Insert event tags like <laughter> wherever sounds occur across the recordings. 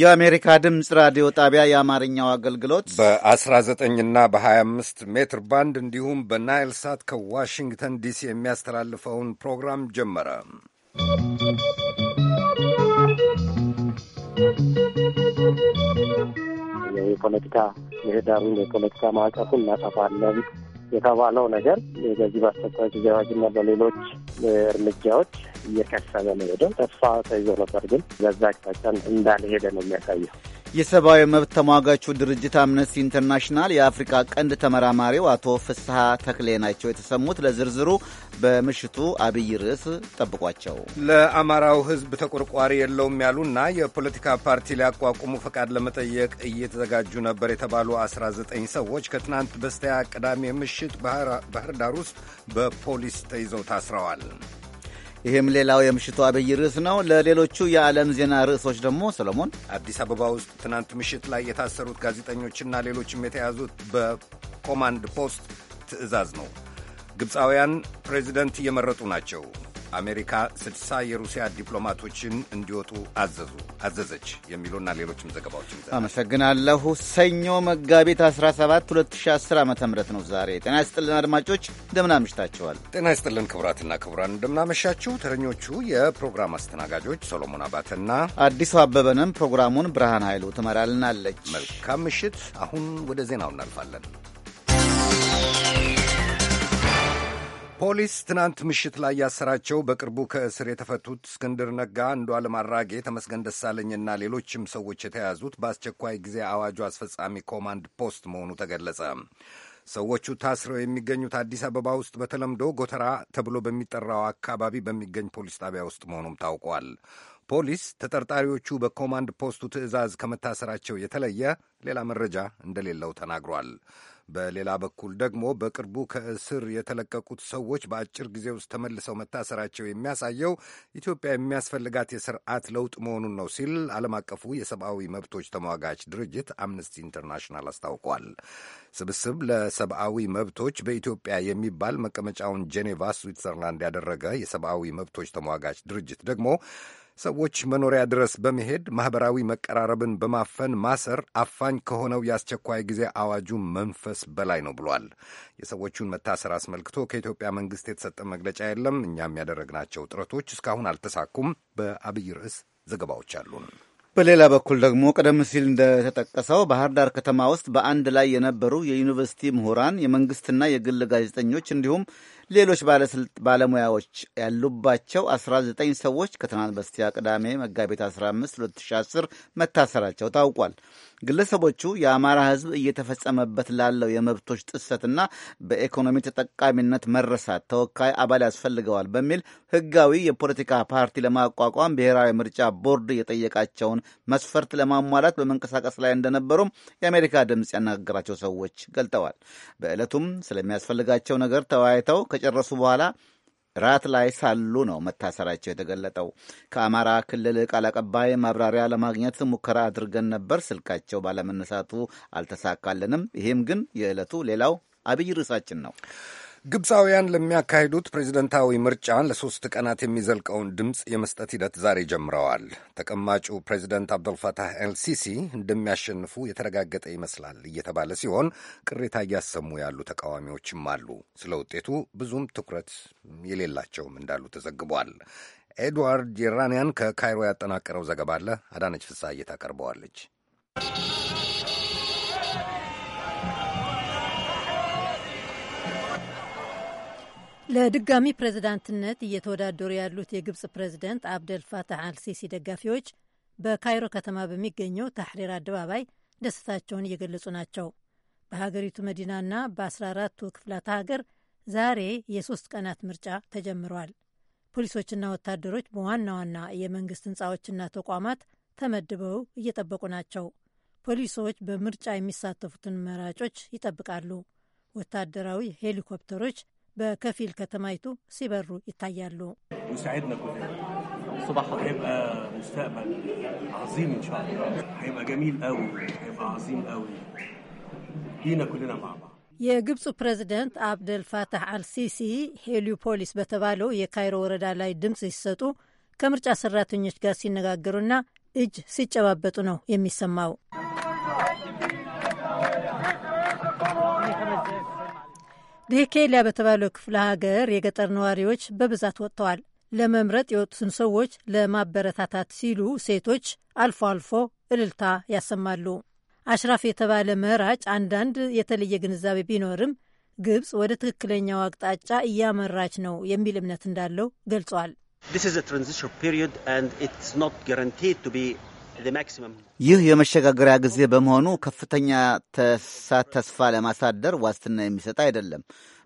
የአሜሪካ ድምፅ ራዲዮ ጣቢያ የአማርኛው አገልግሎት በ19 እና በ25 ሜትር ባንድ እንዲሁም በናይል ሳት ከዋሽንግተን ዲሲ የሚያስተላልፈውን ፕሮግራም ጀመረ። የፖለቲካ ምህዳሩን የፖለቲካ ማዕቀፉን እናጠፋለን የተባለው ነገር በዚህ በአስቸኳይ ጊዜ አዋጅና በሌሎች እርምጃዎች እየከሰበ ነው ሄደው ተስፋ ተይዞ ነበር፣ ግን በዛ አቅጣጫ እንዳልሄደ ነው የሚያሳየው። የሰብአዊ መብት ተሟጋቹ ድርጅት አምነስቲ ኢንተርናሽናል የአፍሪካ ቀንድ ተመራማሪው አቶ ፍስሐ ተክሌ ናቸው የተሰሙት። ለዝርዝሩ በምሽቱ አብይ ርዕስ ጠብቋቸው። ለአማራው ሕዝብ ተቆርቋሪ የለውም ያሉና የፖለቲካ ፓርቲ ሊያቋቁሙ ፈቃድ ለመጠየቅ እየተዘጋጁ ነበር የተባሉ 19 ሰዎች ከትናንት በስቲያ ቅዳሜ ምሽት ባህር ዳር ውስጥ በፖሊስ ተይዘው ታስረዋል። ይህም ሌላው የምሽቱ አብይ ርዕስ ነው። ለሌሎቹ የዓለም ዜና ርዕሶች ደግሞ ሰሎሞን፣ አዲስ አበባ ውስጥ ትናንት ምሽት ላይ የታሰሩት ጋዜጠኞችና ሌሎችም የተያዙት በኮማንድ ፖስት ትዕዛዝ ነው። ግብፃውያን ፕሬዚደንት እየመረጡ ናቸው። አሜሪካ ስድሳ የሩሲያ ዲፕሎማቶችን እንዲወጡ አዘዙ አዘዘች የሚሉና ሌሎችም ዘገባዎች አመሰግናለሁ። ሰኞ መጋቢት 17 2010 ዓ ም ነው ዛሬ። ጤና ይስጥልን አድማጮች፣ እንደምን አምሽታችኋል? ጤና ይስጥልን ክቡራትና ክቡራን፣ እንደምናመሻችሁ። ተረኞቹ የፕሮግራም አስተናጋጆች ሶሎሞን አባተና አዲሱ አበበንም ፕሮግራሙን ብርሃን ኃይሉ ትመራልናለች። መልካም ምሽት። አሁን ወደ ዜናው እናልፋለን። ፖሊስ ትናንት ምሽት ላይ ያሰራቸው በቅርቡ ከእስር የተፈቱት እስክንድር ነጋ፣ አንዱዓለም አራጌ፣ ተመስገን ደሳለኝና ሌሎችም ሰዎች የተያዙት በአስቸኳይ ጊዜ አዋጁ አስፈጻሚ ኮማንድ ፖስት መሆኑ ተገለጸ። ሰዎቹ ታስረው የሚገኙት አዲስ አበባ ውስጥ በተለምዶ ጎተራ ተብሎ በሚጠራው አካባቢ በሚገኝ ፖሊስ ጣቢያ ውስጥ መሆኑም ታውቋል። ፖሊስ ተጠርጣሪዎቹ በኮማንድ ፖስቱ ትዕዛዝ ከመታሰራቸው የተለየ ሌላ መረጃ እንደሌለው ተናግሯል። በሌላ በኩል ደግሞ በቅርቡ ከእስር የተለቀቁት ሰዎች በአጭር ጊዜ ውስጥ ተመልሰው መታሰራቸው የሚያሳየው ኢትዮጵያ የሚያስፈልጋት የስርዓት ለውጥ መሆኑን ነው ሲል ዓለም አቀፉ የሰብአዊ መብቶች ተሟጋች ድርጅት አምነስቲ ኢንተርናሽናል አስታውቋል። ስብስብ ለሰብአዊ መብቶች በኢትዮጵያ የሚባል መቀመጫውን ጄኔቫ ስዊትዘርላንድ ያደረገ የሰብአዊ መብቶች ተሟጋች ድርጅት ደግሞ ሰዎች መኖሪያ ድረስ በመሄድ ማኅበራዊ መቀራረብን በማፈን ማሰር አፋኝ ከሆነው የአስቸኳይ ጊዜ አዋጁ መንፈስ በላይ ነው ብሏል። የሰዎቹን መታሰር አስመልክቶ ከኢትዮጵያ መንግሥት የተሰጠ መግለጫ የለም። እኛም ያደረግናቸው ጥረቶች እስካሁን አልተሳኩም። በአብይ ርዕስ ዘገባዎች አሉን። በሌላ በኩል ደግሞ ቀደም ሲል እንደተጠቀሰው ባህር ዳር ከተማ ውስጥ በአንድ ላይ የነበሩ የዩኒቨርሲቲ ምሁራን፣ የመንግስትና የግል ጋዜጠኞች እንዲሁም ሌሎች ባለሙያዎች ያሉባቸው 19 ሰዎች ከትናንት በስቲያ ቅዳሜ መጋቢት 15 2010 መታሰራቸው ታውቋል። ግለሰቦቹ የአማራ ሕዝብ እየተፈጸመበት ላለው የመብቶች ጥሰትና በኢኮኖሚ ተጠቃሚነት መረሳት ተወካይ አባል ያስፈልገዋል በሚል ሕጋዊ የፖለቲካ ፓርቲ ለማቋቋም ብሔራዊ ምርጫ ቦርድ የጠየቃቸውን መስፈርት ለማሟላት በመንቀሳቀስ ላይ እንደነበሩም የአሜሪካ ድምፅ ያነጋገራቸው ሰዎች ገልጠዋል። በዕለቱም ስለሚያስፈልጋቸው ነገር ተወያይተው ከጨረሱ በኋላ ራት ላይ ሳሉ ነው መታሰራቸው የተገለጠው። ከአማራ ክልል ቃል አቀባይ ማብራሪያ ለማግኘት ሙከራ አድርገን ነበር፣ ስልካቸው ባለመነሳቱ አልተሳካልንም። ይህም ግን የዕለቱ ሌላው አብይ ርዕሳችን ነው። ግብፃውያን ለሚያካሂዱት ፕሬዚደንታዊ ምርጫ ለሶስት ቀናት የሚዘልቀውን ድምፅ የመስጠት ሂደት ዛሬ ጀምረዋል። ተቀማጩ ፕሬዚደንት አብደልፋታህ ኤልሲሲ እንደሚያሸንፉ የተረጋገጠ ይመስላል እየተባለ ሲሆን ቅሬታ እያሰሙ ያሉ ተቃዋሚዎችም አሉ። ስለ ውጤቱ ብዙም ትኩረት የሌላቸውም እንዳሉ ተዘግቧል። ኤድዋርድ የራንያን ከካይሮ ያጠናቀረው ዘገባ አለ። አዳነች ፍሳ እየታቀርበዋለች። ለድጋሚ ፕሬዝዳንትነት እየተወዳደሩ ያሉት የግብፅ ፕሬዝደንት አብደል አልሲሲ ደጋፊዎች በካይሮ ከተማ በሚገኘው ታሕሪር አደባባይ ደስታቸውን እየገለጹ ናቸው። በሀገሪቱ መዲናና በ14ቱ ክፍላተ ሀገር ዛሬ የሶስት ቀናት ምርጫ ተጀምሯል። ፖሊሶችና ወታደሮች በዋና ዋና የመንግስት ህንፃዎችና ተቋማት ተመድበው እየጠበቁ ናቸው። ፖሊሶች በምርጫ የሚሳተፉትን መራጮች ይጠብቃሉ። ወታደራዊ ሄሊኮፕተሮች በከፊል ከተማይቱ ሲበሩ ይታያሉ። የግብፁ ፕሬዚደንት አብደል ፋታህ አልሲሲ ሄሊዮፖሊስ በተባለው የካይሮ ወረዳ ላይ ድምፅ ሲሰጡ ከምርጫ ሰራተኞች ጋር ሲነጋገሩና እጅ ሲጨባበጡ ነው የሚሰማው። ዲሄኬሊያ በተባለው ክፍለ ሀገር የገጠር ነዋሪዎች በብዛት ወጥተዋል። ለመምረጥ የወጡትን ሰዎች ለማበረታታት ሲሉ ሴቶች አልፎ አልፎ እልልታ ያሰማሉ። አሽራፍ የተባለ መራጭ አንዳንድ የተለየ ግንዛቤ ቢኖርም ግብፅ ወደ ትክክለኛው አቅጣጫ እያመራች ነው የሚል እምነት እንዳለው ገልጿል። ይህ የመሸጋገሪያ ጊዜ በመሆኑ ከፍተኛ ተስፋ ለማሳደር ዋስትና የሚሰጥ አይደለም።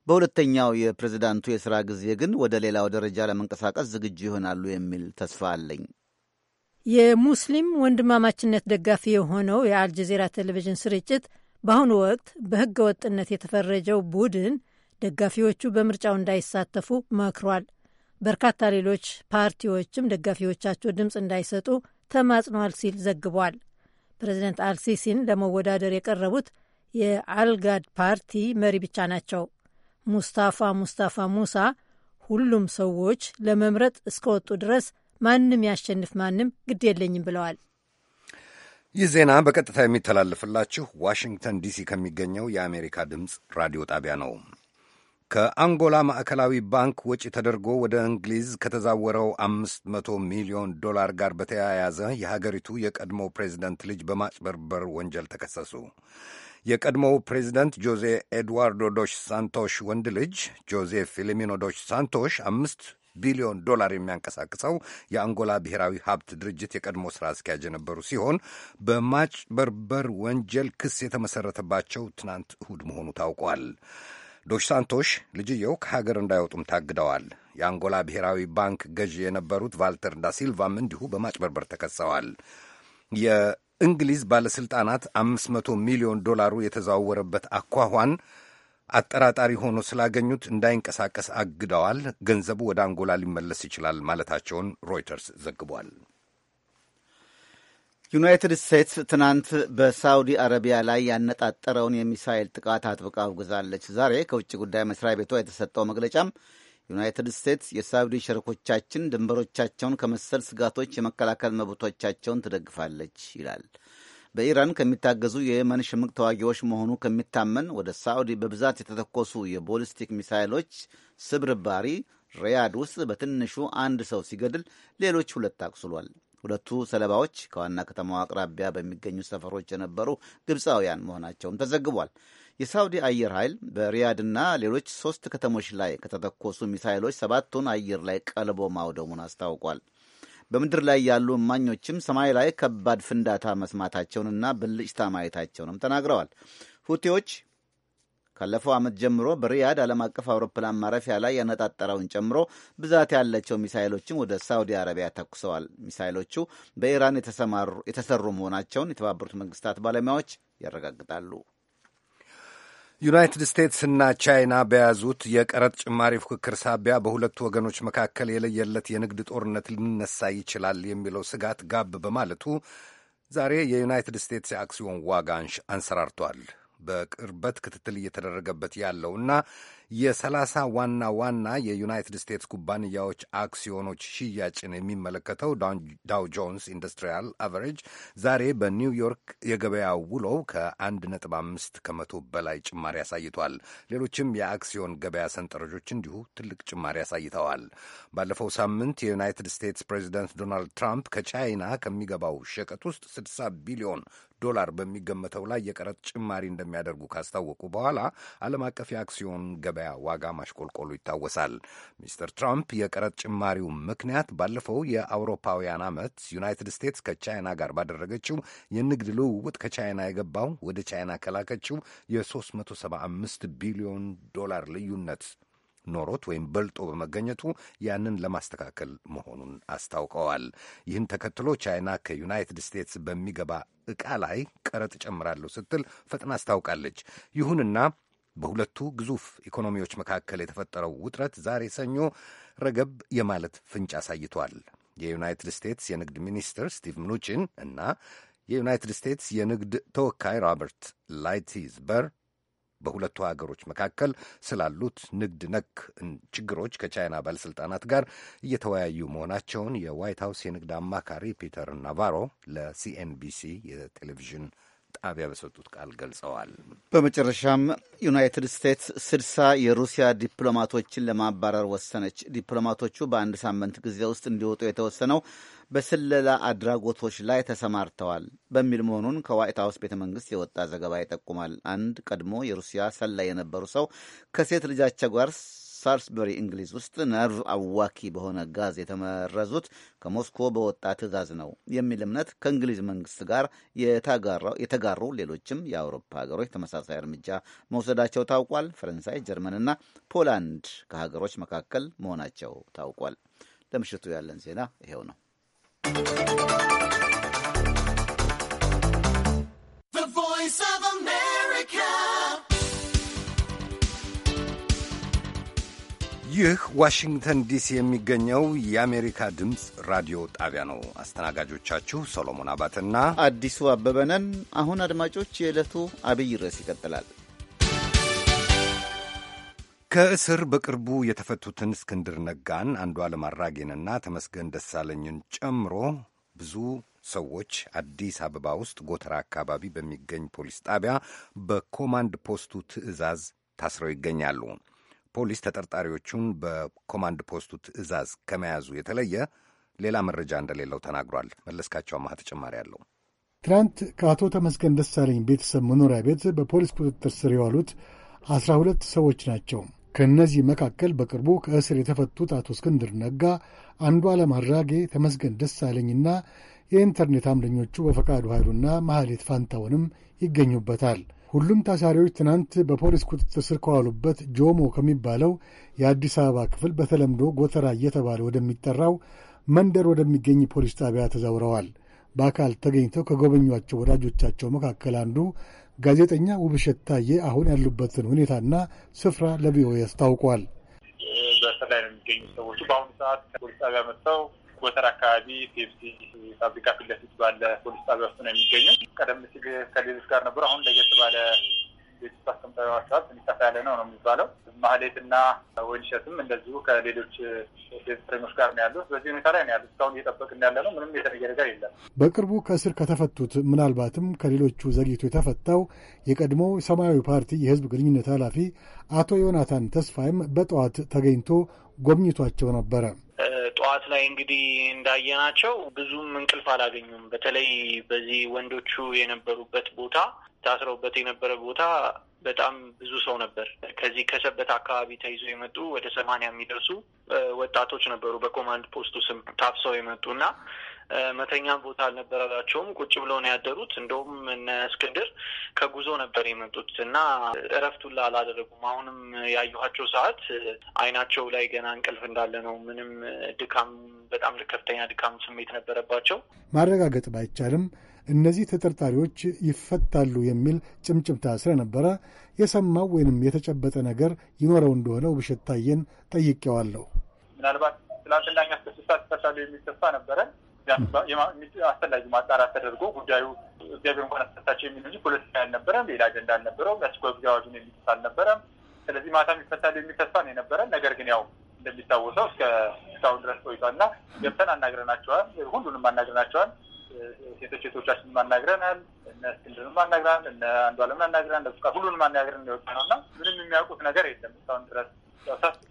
በሁለተኛው የፕሬዝዳንቱ የሥራ ጊዜ ግን ወደ ሌላው ደረጃ ለመንቀሳቀስ ዝግጁ ይሆናሉ የሚል ተስፋ አለኝ። የሙስሊም ወንድማማችነት ደጋፊ የሆነው የአልጀዚራ ቴሌቪዥን ስርጭት በአሁኑ ወቅት በሕገ ወጥነት የተፈረጀው ቡድን ደጋፊዎቹ በምርጫው እንዳይሳተፉ መክሯል። በርካታ ሌሎች ፓርቲዎችም ደጋፊዎቻቸው ድምፅ እንዳይሰጡ ተማጽኗል ሲል ዘግቧል። ፕሬዚደንት አልሲሲን ለመወዳደር የቀረቡት የአልጋድ ፓርቲ መሪ ብቻ ናቸው። ሙስታፋ ሙስታፋ ሙሳ ሁሉም ሰዎች ለመምረጥ እስከወጡ ድረስ ማንም ያሸንፍ ማንም ግድ የለኝም ብለዋል። ይህ ዜና በቀጥታ የሚተላለፍላችሁ ዋሽንግተን ዲሲ ከሚገኘው የአሜሪካ ድምፅ ራዲዮ ጣቢያ ነው። ከአንጎላ ማዕከላዊ ባንክ ወጪ ተደርጎ ወደ እንግሊዝ ከተዛወረው መቶ ሚሊዮን ዶላር ጋር በተያያዘ የሀገሪቱ የቀድሞ ፕሬዚደንት ልጅ በማጭበርበር ወንጀል ተከሰሱ። የቀድሞው ፕሬዚደንት ጆዜ ኤድዋርዶ ዶሽ ሳንቶሽ ወንድ ልጅ ጆዜ ፊልሚኖ ዶሽ ሳንቶሽ አምስት ቢሊዮን ዶላር የሚያንቀሳቅሰው የአንጎላ ብሔራዊ ሀብት ድርጅት የቀድሞ ስራ አስኪያጅ የነበሩ ሲሆን በማጭበርበር ወንጀል ክስ የተመሰረተባቸው ትናንት እሁድ መሆኑ ታውቋል። ዶሽ ሳንቶሽ ልጅየው ከሀገር እንዳይወጡም ታግደዋል። የአንጎላ ብሔራዊ ባንክ ገዢ የነበሩት ቫልተር ዳሲልቫም እንዲሁ በማጭበርበር ተከሰዋል። የእንግሊዝ ባለሥልጣናት 500 ሚሊዮን ዶላሩ የተዘዋወረበት አኳኋን አጠራጣሪ ሆኖ ስላገኙት እንዳይንቀሳቀስ አግደዋል። ገንዘቡ ወደ አንጎላ ሊመለስ ይችላል ማለታቸውን ሮይተርስ ዘግቧል። ዩናይትድ ስቴትስ ትናንት በሳውዲ አረቢያ ላይ ያነጣጠረውን የሚሳኤል ጥቃት አጥብቃ አውግዛለች። ዛሬ ከውጭ ጉዳይ መስሪያ ቤቷ የተሰጠው መግለጫም ዩናይትድ ስቴትስ የሳውዲ ሸሪኮቻችን ድንበሮቻቸውን ከመሰል ስጋቶች የመከላከል መብቶቻቸውን ትደግፋለች ይላል። በኢራን ከሚታገዙ የየመን ሽምቅ ተዋጊዎች መሆኑ ከሚታመን ወደ ሳዑዲ በብዛት የተተኮሱ የቦሊስቲክ ሚሳይሎች ስብርባሪ ሪያድ ውስጥ በትንሹ አንድ ሰው ሲገድል ሌሎች ሁለት አቁስሏል። ሁለቱ ሰለባዎች ከዋና ከተማዋ አቅራቢያ በሚገኙ ሰፈሮች የነበሩ ግብፃውያን መሆናቸውም ተዘግቧል። የሳውዲ አየር ኃይል በሪያድና ሌሎች ሶስት ከተሞች ላይ ከተተኮሱ ሚሳይሎች ሰባቱን አየር ላይ ቀልቦ ማውደሙን አስታውቋል። በምድር ላይ ያሉ እማኞችም ሰማይ ላይ ከባድ ፍንዳታ መስማታቸውንና ብልጭታ ማየታቸውንም ተናግረዋል። ሁቴዎች ካለፈው ዓመት ጀምሮ በሪያድ ዓለም አቀፍ አውሮፕላን ማረፊያ ላይ ያነጣጠረውን ጨምሮ ብዛት ያላቸው ሚሳይሎችን ወደ ሳውዲ አረቢያ ተኩሰዋል። ሚሳይሎቹ በኢራን የተሰሩ መሆናቸውን የተባበሩት መንግስታት ባለሙያዎች ያረጋግጣሉ። ዩናይትድ ስቴትስና ቻይና በያዙት የቀረጥ ጭማሪ ፉክክር ሳቢያ በሁለቱ ወገኖች መካከል የለየለት የንግድ ጦርነት ሊነሳ ይችላል የሚለው ስጋት ጋብ በማለቱ ዛሬ የዩናይትድ ስቴትስ የአክሲዮን ዋጋ አንሰራርቷል። በቅርበት ክትትል እየተደረገበት ያለውና የሰላሳ ዋና ዋና የዩናይትድ ስቴትስ ኩባንያዎች አክሲዮኖች ሽያጭን የሚመለከተው ዳው ጆንስ ኢንዱስትሪያል አቨሬጅ ዛሬ በኒውዮርክ የገበያ ውሎው ከ1.5 ከመቶ በላይ ጭማሪ አሳይቷል። ሌሎችም የአክሲዮን ገበያ ሰንጠረዦች እንዲሁ ትልቅ ጭማሪ አሳይተዋል። ባለፈው ሳምንት የዩናይትድ ስቴትስ ፕሬዚደንት ዶናልድ ትራምፕ ከቻይና ከሚገባው ሸቀጥ ውስጥ 60 ቢሊዮን ዶላር በሚገመተው ላይ የቀረጥ ጭማሪ እንደሚያደርጉ ካስታወቁ በኋላ ዓለም አቀፍ የአክሲዮን ገ የገበያ ዋጋ ማሽቆልቆሉ ይታወሳል። ሚስተር ትራምፕ የቀረጥ ጭማሪው ምክንያት ባለፈው የአውሮፓውያን ዓመት ዩናይትድ ስቴትስ ከቻይና ጋር ባደረገችው የንግድ ልውውጥ ከቻይና የገባው ወደ ቻይና ከላከችው የ375 ቢሊዮን ዶላር ልዩነት ኖሮት ወይም በልጦ በመገኘቱ ያንን ለማስተካከል መሆኑን አስታውቀዋል። ይህን ተከትሎ ቻይና ከዩናይትድ ስቴትስ በሚገባ ዕቃ ላይ ቀረጥ ጨምራለሁ ስትል ፈጥና አስታውቃለች። ይሁንና በሁለቱ ግዙፍ ኢኮኖሚዎች መካከል የተፈጠረው ውጥረት ዛሬ ሰኞ ረገብ የማለት ፍንጭ አሳይቷል። የዩናይትድ ስቴትስ የንግድ ሚኒስትር ስቲቭ ምኑቺን እና የዩናይትድ ስቴትስ የንግድ ተወካይ ሮበርት ላይቲዝበር በሁለቱ ሀገሮች መካከል ስላሉት ንግድ ነክ ችግሮች ከቻይና ባለሥልጣናት ጋር እየተወያዩ መሆናቸውን የዋይት ሀውስ የንግድ አማካሪ ፒተር ናቫሮ ለሲኤንቢሲ የቴሌቪዥን ጣቢያ በሰጡት ቃል ገልጸዋል። በመጨረሻም ዩናይትድ ስቴትስ ስድሳ የሩሲያ ዲፕሎማቶችን ለማባረር ወሰነች። ዲፕሎማቶቹ በአንድ ሳምንት ጊዜ ውስጥ እንዲወጡ የተወሰነው በስለላ አድራጎቶች ላይ ተሰማርተዋል በሚል መሆኑን ከዋይት ሀውስ ቤተ መንግስት የወጣ ዘገባ ይጠቁማል። አንድ ቀድሞ የሩሲያ ሰላይ የነበሩ ሰው ከሴት ልጃቸው ጋር ሳልስበሪ እንግሊዝ ውስጥ ነርቭ አዋኪ በሆነ ጋዝ የተመረዙት ከሞስኮ በወጣ ትዕዛዝ ነው የሚል እምነት ከእንግሊዝ መንግስት ጋር የተጋሩ ሌሎችም የአውሮፓ ሀገሮች ተመሳሳይ እርምጃ መውሰዳቸው ታውቋል። ፈረንሳይ፣ ጀርመንና ፖላንድ ከሀገሮች መካከል መሆናቸው ታውቋል። ለምሽቱ ያለን ዜና ይሄው ነው። ይህ ዋሽንግተን ዲሲ የሚገኘው የአሜሪካ ድምፅ ራዲዮ ጣቢያ ነው። አስተናጋጆቻችሁ ሶሎሞን አባትና አዲሱ አበበነን። አሁን አድማጮች፣ የዕለቱ አብይ ርዕስ ይቀጥላል። ከእስር በቅርቡ የተፈቱትን እስክንድር ነጋን፣ አንዱዓለም አራጌንና ተመስገን ደሳለኝን ጨምሮ ብዙ ሰዎች አዲስ አበባ ውስጥ ጎተራ አካባቢ በሚገኝ ፖሊስ ጣቢያ በኮማንድ ፖስቱ ትዕዛዝ ታስረው ይገኛሉ። ፖሊስ ተጠርጣሪዎቹን በኮማንድ ፖስቱ ትዕዛዝ ከመያዙ የተለየ ሌላ መረጃ እንደሌለው ተናግሯል። መለስካቸው አማሃ ተጨማሪ አለው። ትናንት ከአቶ ተመስገን ደሳለኝ ቤተሰብ መኖሪያ ቤት በፖሊስ ቁጥጥር ስር የዋሉት አስራ ሁለት ሰዎች ናቸው። ከእነዚህ መካከል በቅርቡ ከእስር የተፈቱት አቶ እስክንድር ነጋ፣ አንዱ ዓለም አራጌ፣ ተመስገን ደሳለኝና የኢንተርኔት አምደኞቹ በፈቃዱ ኃይሉና መሐሌት ፋንታውንም ይገኙበታል። ሁሉም ታሳሪዎች ትናንት በፖሊስ ቁጥጥር ስር ከዋሉበት ጆሞ ከሚባለው የአዲስ አበባ ክፍል በተለምዶ ጎተራ እየተባለ ወደሚጠራው መንደር ወደሚገኝ ፖሊስ ጣቢያ ተዛውረዋል። በአካል ተገኝተው ከጎበኟቸው ወዳጆቻቸው መካከል አንዱ ጋዜጠኛ ውብሸት ታዬ አሁን ያሉበትን ሁኔታና ስፍራ ለቪኦኤ አስታውቋል። በእስር ላይ ነው የሚገኙ ሰዎቹ በአሁኑ ሰዓት ፖሊስ ጣቢያ መጥተው ጎተር አካባቢ ፔፕሲ ፋብሪካ ፊት ለፊት ባለ ፖሊስ ጣቢያ ውስጥ ነው የሚገኘው። ቀደም ሲል ከሌሎች ጋር ነበሩ። አሁን ለየት ባለ ቤት አስቀምጠዋቸዋል። ሰፋ ያለ ነው ነው የሚባለው። ማህሌት ማህሌትና ወይንሸትም እንደዚሁ ከሌሎች እስረኞች ጋር ነው ያሉት። በዚህ ሁኔታ ላይ ነው ያሉት። እስካሁን እየጠበቅን ያለ ነው። ምንም የተነገረ ነገር የለም። በቅርቡ ከእስር ከተፈቱት ምናልባትም ከሌሎቹ ዘግይቶ የተፈታው የቀድሞ ሰማያዊ ፓርቲ የህዝብ ግንኙነት ኃላፊ አቶ ዮናታን ተስፋይም በጠዋት ተገኝቶ ጎብኝቷቸው ነበረ። ጠዋት ላይ እንግዲህ እንዳየናቸው ብዙም እንቅልፍ አላገኙም። በተለይ በዚህ ወንዶቹ የነበሩበት ቦታ ታስረውበት የነበረ ቦታ በጣም ብዙ ሰው ነበር። ከዚህ ከሰበት አካባቢ ተይዞ የመጡ ወደ ሰማንያ የሚደርሱ ወጣቶች ነበሩ በኮማንድ ፖስቱ ስም ታፍሰው የመጡ እና መተኛ ቦታ አልነበረላቸውም። ቁጭ ብለው ነው ያደሩት። እንደውም እነ እስክንድር ከጉዞ ነበር የመጡት እና እረፍቱላ አላደረጉም። አሁንም ያየኋቸው ሰዓት አይናቸው ላይ ገና እንቅልፍ እንዳለ ነው። ምንም ድካም፣ በጣም ከፍተኛ ድካም ስሜት ነበረባቸው። ማረጋገጥ ባይቻልም እነዚህ ተጠርጣሪዎች ይፈታሉ የሚል ጭምጭምታ ስለነበረ የሰማው ወይንም የተጨበጠ ነገር ይኖረው እንደሆነ ውብሸት ታየን ጠይቄዋለሁ። ምናልባት ትላንትና እኛ ስድስት ሰዓት ይፈታሉ የሚል ተስፋ ነበረን። አስፈላጊ ማጣራት ተደርጎ ጉዳዩ እግዚአብሔር እንኳን አስፈታቸው የሚል እንጂ ፖለቲካ አልነበረም፣ ሌላ አጀንዳ አልነበረውም፣ የአስቸኳይ ጊዜ አዋጁን የሚጥስ አልነበረም። ስለዚህ ማታም ይፈታል የሚል ተስፋ ነው የነበረን። ነገር ግን ያው እንደሚታወሰው እስከ እስካሁን ድረስ ቆይቷል እና ገብተን አናግረናቸዋል። ሁሉንም አናግረናቸዋል። ሴቶች ሴቶቻችንም አናግረናል። እነ እስክንድርንም አናግረናል። እነ አንዱ አንዷለምን አናግረናል። ለብስቃ ሁሉንም አናግረን እንደወጣ ነው እና ምንም የሚያውቁት ነገር የለም እስካሁን ድረስ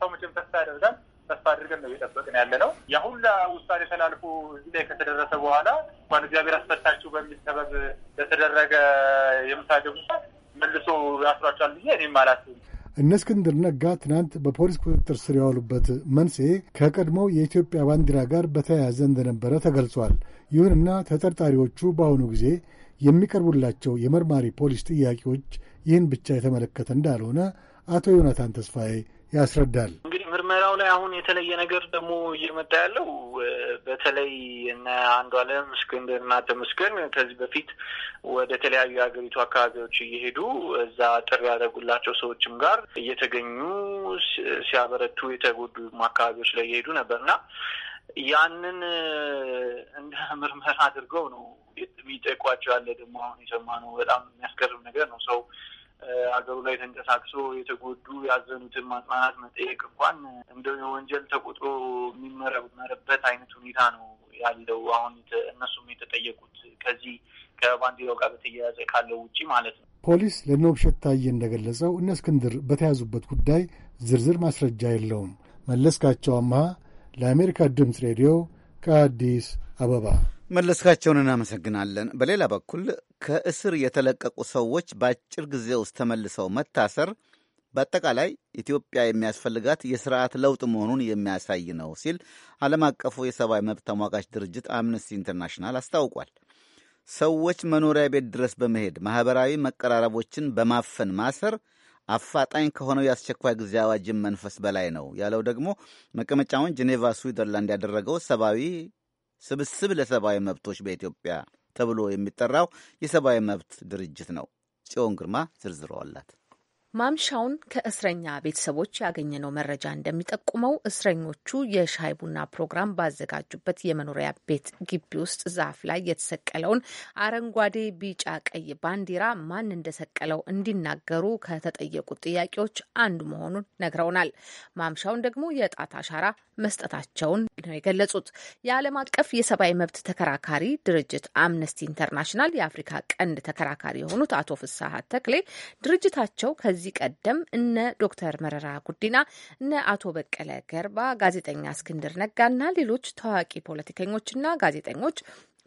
ሰው መቼም ተስፋ ያደርጋል ተስፋ አድርገን ነው እየጠበቅን ያለ ነው። ያሁላ ውሳኔ ተላልፎ እዚህ ላይ ከተደረሰ በኋላ እንኳን እግዚአብሔር አስፈታችሁ በሚል ሰበብ ለተደረገ የምታደጉ መልሶ ያስሯቸዋል ብዬ እኔም አላስብም። እነ እስክንድር ነጋ ትናንት በፖሊስ ቁጥጥር ስር ያዋሉበት መንስኤ ከቀድሞው የኢትዮጵያ ባንዲራ ጋር በተያያዘ እንደነበረ ተገልጿል። ይሁንና ተጠርጣሪዎቹ በአሁኑ ጊዜ የሚቀርቡላቸው የመርማሪ ፖሊስ ጥያቄዎች ይህን ብቻ የተመለከተ እንዳልሆነ አቶ ዮናታን ተስፋዬ ያስረዳል። ምርመራው ላይ አሁን የተለየ ነገር ደግሞ እየመጣ ያለው በተለይ እነ አንዱ አለም እስክንድር እና ተመስገን ከዚህ በፊት ወደ ተለያዩ የሀገሪቱ አካባቢዎች እየሄዱ እዛ ጥሪ ያደረጉላቸው ሰዎችም ጋር እየተገኙ ሲያበረቱ የተጎዱ አካባቢዎች ላይ እየሄዱ ነበር እና ያንን እንደ ምርመራ አድርገው ነው የሚጠቋቸው ያለ ደግሞ አሁን የሰማነው በጣም የሚያስገርም ነገር ነው ሰው አገሩ ላይ ተንቀሳቅሶ የተጎዱ ያዘኑትን ማጽናናት መጠየቅ እንኳን እንደው የወንጀል ተቆጥሮ የሚመረመርበት አይነት ሁኔታ ነው ያለው። አሁን እነሱም የተጠየቁት ከዚህ ከባንዲራው ጋር በተያያዘ ካለው ውጪ ማለት ነው። ፖሊስ ለነውብሸት ታዬ እንደገለጸው እነ እስክንድር በተያዙበት ጉዳይ ዝርዝር ማስረጃ የለውም። መለስካቸው አምሃ ለአሜሪካ ድምፅ ሬዲዮ ከአዲስ አበባ መለስካቸውን እናመሰግናለን። በሌላ በኩል ከእስር የተለቀቁ ሰዎች በአጭር ጊዜ ውስጥ ተመልሰው መታሰር በአጠቃላይ ኢትዮጵያ የሚያስፈልጋት የስርዓት ለውጥ መሆኑን የሚያሳይ ነው ሲል ዓለም አቀፉ የሰብአዊ መብት ተሟጋች ድርጅት አምነስቲ ኢንተርናሽናል አስታውቋል። ሰዎች መኖሪያ ቤት ድረስ በመሄድ ማኅበራዊ መቀራረቦችን በማፈን ማሰር አፋጣኝ ከሆነው የአስቸኳይ ጊዜ አዋጅን መንፈስ በላይ ነው ያለው ደግሞ መቀመጫውን ጄኔቫ ስዊዘርላንድ ያደረገው ሰብአዊ ስብስብ ለሰብአዊ መብቶች በኢትዮጵያ ተብሎ የሚጠራው የሰብአዊ መብት ድርጅት ነው። ጽዮን ግርማ ዝርዝረዋላት። ማምሻውን ከእስረኛ ቤተሰቦች ያገኘነው መረጃ እንደሚጠቁመው እስረኞቹ የሻይ ቡና ፕሮግራም ባዘጋጁበት የመኖሪያ ቤት ግቢ ውስጥ ዛፍ ላይ የተሰቀለውን አረንጓዴ፣ ቢጫ፣ ቀይ ባንዲራ ማን እንደሰቀለው እንዲናገሩ ከተጠየቁት ጥያቄዎች አንዱ መሆኑን ነግረውናል። ማምሻውን ደግሞ የጣት አሻራ መስጠታቸውን ነው የገለጹት። የዓለም አቀፍ የሰብአዊ መብት ተከራካሪ ድርጅት አምነስቲ ኢንተርናሽናል የአፍሪካ ቀንድ ተከራካሪ የሆኑት አቶ ፍስሀ ተክሌ ድርጅታቸው ከዚህ ከዚህ ቀደም እነ ዶክተር መረራ ጉዲና፣ እነ አቶ በቀለ ገርባ፣ ጋዜጠኛ እስክንድር ነጋና ሌሎች ታዋቂ ፖለቲከኞችና ጋዜጠኞች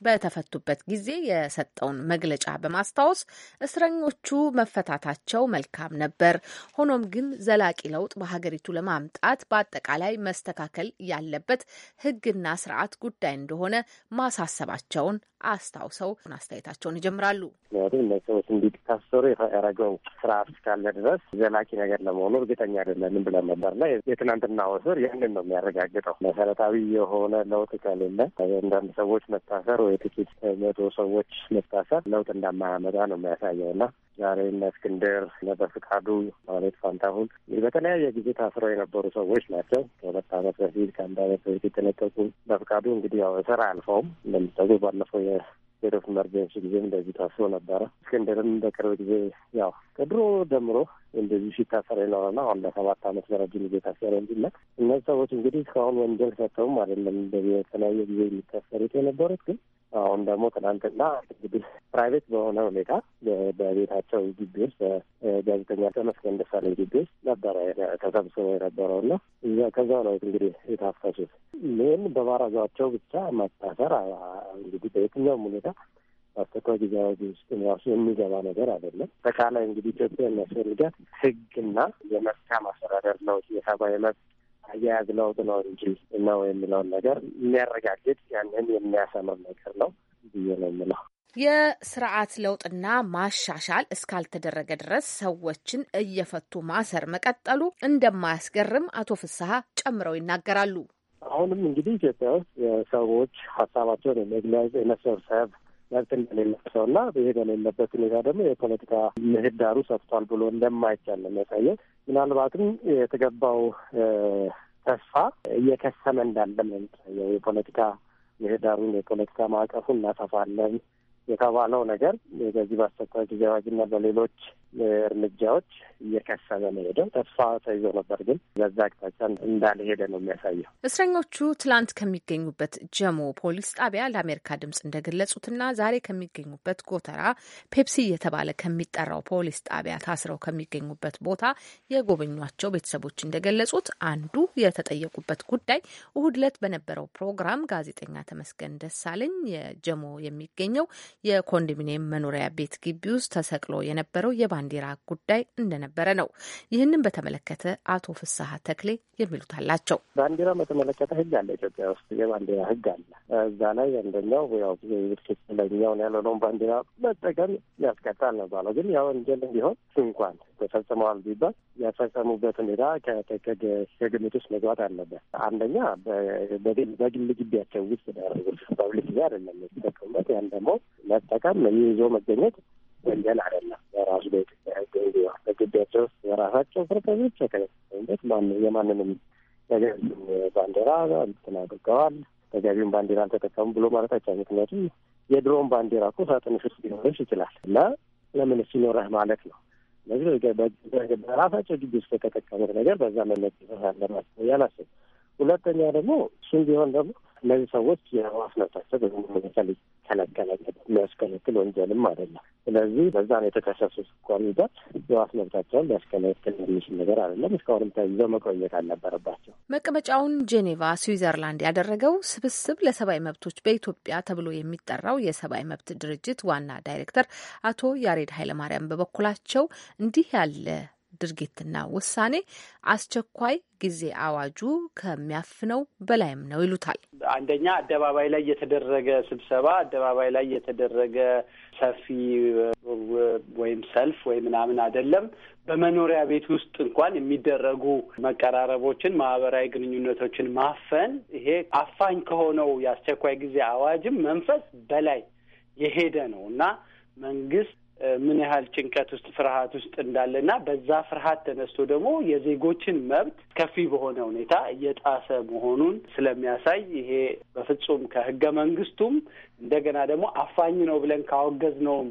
በተፈቱበት ጊዜ የሰጠውን መግለጫ በማስታወስ እስረኞቹ መፈታታቸው መልካም ነበር፣ ሆኖም ግን ዘላቂ ለውጥ በሀገሪቱ ለማምጣት በአጠቃላይ መስተካከል ያለበት ሕግና ስርዓት ጉዳይ እንደሆነ ማሳሰባቸውን አስታውሰው አስተያየታቸውን ይጀምራሉ። ምክንያቱም እነዚህ ሰዎች እንዲታሰሩ ያደረገው ስርዓት እስካለ ድረስ ዘላቂ ነገር ለመሆኑ እርግጠኛ አይደለንም ብለን ነበር እና የትናንትና ወስር ይህንን ነው የሚያረጋግጠው። መሰረታዊ የሆነ ለውጥ ከሌለ አንዳንድ ሰዎች መታሰር ወይ ጥቂት መቶ ሰዎች መታሰር ለውጥ እንደማያመጣ ነው የሚያሳየው እና ዛሬ እነ እስክንድር እነ በፍቃዱ ማለት ፋንታሁን በተለያየ ጊዜ ታስረው የነበሩ ሰዎች ናቸው። ከሁለት ዓመት በፊት ከአንድ ዓመት በፊት የተለቀቁ በፍቃዱ እንግዲህ ያው እስር አልፈውም እንደሚታወቀው ባለፈው የስቴት ኦፍ ኢመርጀንሲ ጊዜም እንደዚህ ታስሮ ነበረ። እስክንድርም በቅርብ ጊዜ ያው ከድሮ ጀምሮ እንደዚህ ሲታሰር የኖረና አሁን ለሰባት አመት በረጅም ጊዜ ታሰረ እንዲለ እነዚህ ሰዎች እንግዲህ እስካሁን ወንጀል ሰጥተውም አይደለም እንደዚህ የተለያየ ጊዜ የሚታሰሩት የነበሩት ግን አሁን ደግሞ ትናንትና እንግዲህ ፕራይቬት በሆነ ሁኔታ በቤታቸው ግቢ ውስጥ በጋዜጠኛ ተመስገን ደሳለኝ ግቢ ውስጥ ነበረ ተሰብስበ የነበረው እና እዛ ከዛ ነው እንግዲህ የታፈሱት። ይህን በማረጓቸው ብቻ መታሰር እንግዲህ በየትኛውም ሁኔታ በአስቸኳይ ጊዜ አዋጅ ውስጥ ራሱ የሚገባ ነገር አይደለም። ጠቃላይ እንግዲህ ኢትዮጵያ የሚያስፈልጋት ሕግና የመብት ማስተዳደር ነው የሰብአዊ መብት አያያዝ ለውጥ ነው እንጂ ነው የሚለውን ነገር የሚያረጋግጥ ያንን የሚያሰምር ነገር ነው ብዬ ነው የምለው። የስርዓት ለውጥና ማሻሻል እስካልተደረገ ድረስ ሰዎችን እየፈቱ ማሰር መቀጠሉ እንደማያስገርም አቶ ፍስሀ ጨምረው ይናገራሉ። አሁንም እንግዲህ ኢትዮጵያ ውስጥ የሰዎች ሀሳባቸውን የመግለጽ የመሰብሰብ መብት እንደሌለው ሰው እና ይሄ በሌለበት ሁኔታ ደግሞ የፖለቲካ ምህዳሩ ሰፍቷል ብሎ እንደማይቻል ነው የሚያሳየው። ምናልባትም የተገባው ተስፋ እየከሰመ እንዳለ ነው የፖለቲካ ምህዳሩን የፖለቲካ ማዕቀፉን እናሰፋለን የተባለው ነገር በዚህ በአስቸኳይ ጊዜ አዋጅና በሌሎች እርምጃዎች እየከሰመ ነው ሄደው ተስፋ ተይዞ ነበር፣ ግን በዛ አቅጣጫ እንዳልሄደ ነው የሚያሳየው። እስረኞቹ ትላንት ከሚገኙበት ጀሞ ፖሊስ ጣቢያ ለአሜሪካ ድምጽ እንደገለጹትና ዛሬ ከሚገኙበት ጎተራ ፔፕሲ እየተባለ ከሚጠራው ፖሊስ ጣቢያ ታስረው ከሚገኙበት ቦታ የጎበኟቸው ቤተሰቦች እንደገለጹት አንዱ የተጠየቁበት ጉዳይ እሁድ ዕለት በነበረው ፕሮግራም ጋዜጠኛ ተመስገን ደሳለኝ የጀሞ የሚገኘው የኮንዶሚኒየም መኖሪያ ቤት ግቢ ውስጥ ተሰቅሎ የነበረው የባንዲራ ጉዳይ እንደነበረ ነው። ይህንን በተመለከተ አቶ ፍስሀ ተክሌ የሚሉት አላቸው። ባንዲራ በተመለከተ ህግ አለ። ኢትዮጵያ ውስጥ የባንዲራ ህግ አለ። እዛ ላይ አንደኛው ያው ትክክለኛውን ያልሆነውን ባንዲራ መጠቀም ያስቀጣል ነው ባለው። ግን ያው ወንጀል ቢሆን እንኳን ተፈጽመዋል ቢባል የፈጸሙበት ሁኔታ ከግምት ውስጥ መግባት አለበት። አንደኛ በግል ግቢያቸው ውስጥ ያደረጉት ፐብሊክ ጊዜ አይደለም የተጠቀሙበት። ያን ደግሞ መጠቀም ይዞ መገኘት ወንጀል አይደለም። በራሱ በኢትዮጵያ በግቢያቸው ውስጥ የራሳቸው ፍርከቶች የተጠቀሙበት የማንንም ተገቢውን ባንዲራ እንትን አድርገዋል። ተገቢውን ባንዲራ አልተጠቀሙም ብሎ ማለት አይቻልም። ምክንያቱም የድሮውን ባንዲራ እኮ ሳጥንሽ ውስጥ ሊኖርሽ ይችላል እና ለምን ሲኖረህ ማለት ነው ነገር በራሳቸው ግቢ ውስጥ የተጠቀሙት ነገር በዛ መመጽፈት አለማለት ያላስብ ሁለተኛ ደግሞ እሱም ቢሆን ደግሞ እነዚህ ሰዎች የዋስ መብታቸው በዚህ ሁኔታ ሊከለከለ የሚያስከለክል ወንጀልም አይደለም። ስለዚህ በዛ ነው የተከሰሱ እኮ ሚዳት የዋስ መብታቸውን ሊያስከለክል የሚችል ነገር አይደለም። እስካሁንም ተይዘው መቆየት አልነበረባቸው። መቀመጫውን ጄኔቫ ስዊዘርላንድ ያደረገው ስብስብ ለሰብአዊ መብቶች በኢትዮጵያ ተብሎ የሚጠራው የሰብአዊ መብት ድርጅት ዋና ዳይሬክተር አቶ ያሬድ ኃይለማርያም በበኩላቸው እንዲህ ያለ ድርጊትና ውሳኔ አስቸኳይ ጊዜ አዋጁ ከሚያፍነው በላይም ነው ይሉታል። አንደኛ አደባባይ ላይ የተደረገ ስብሰባ፣ አደባባይ ላይ የተደረገ ሰፊ ወይም ሰልፍ ወይ ምናምን አይደለም። በመኖሪያ ቤት ውስጥ እንኳን የሚደረጉ መቀራረቦችን፣ ማህበራዊ ግንኙነቶችን ማፈን ይሄ አፋኝ ከሆነው የአስቸኳይ ጊዜ አዋጅም መንፈስ በላይ የሄደ ነው እና መንግስት ምን ያህል ጭንቀት ውስጥ ፍርሃት ውስጥ እንዳለ እና በዛ ፍርሃት ተነስቶ ደግሞ የዜጎችን መብት ከፊ በሆነ ሁኔታ እየጣሰ መሆኑን ስለሚያሳይ ይሄ በፍጹም ከህገ መንግስቱም እንደገና ደግሞ አፋኝ ነው ብለን ካወገዝነውም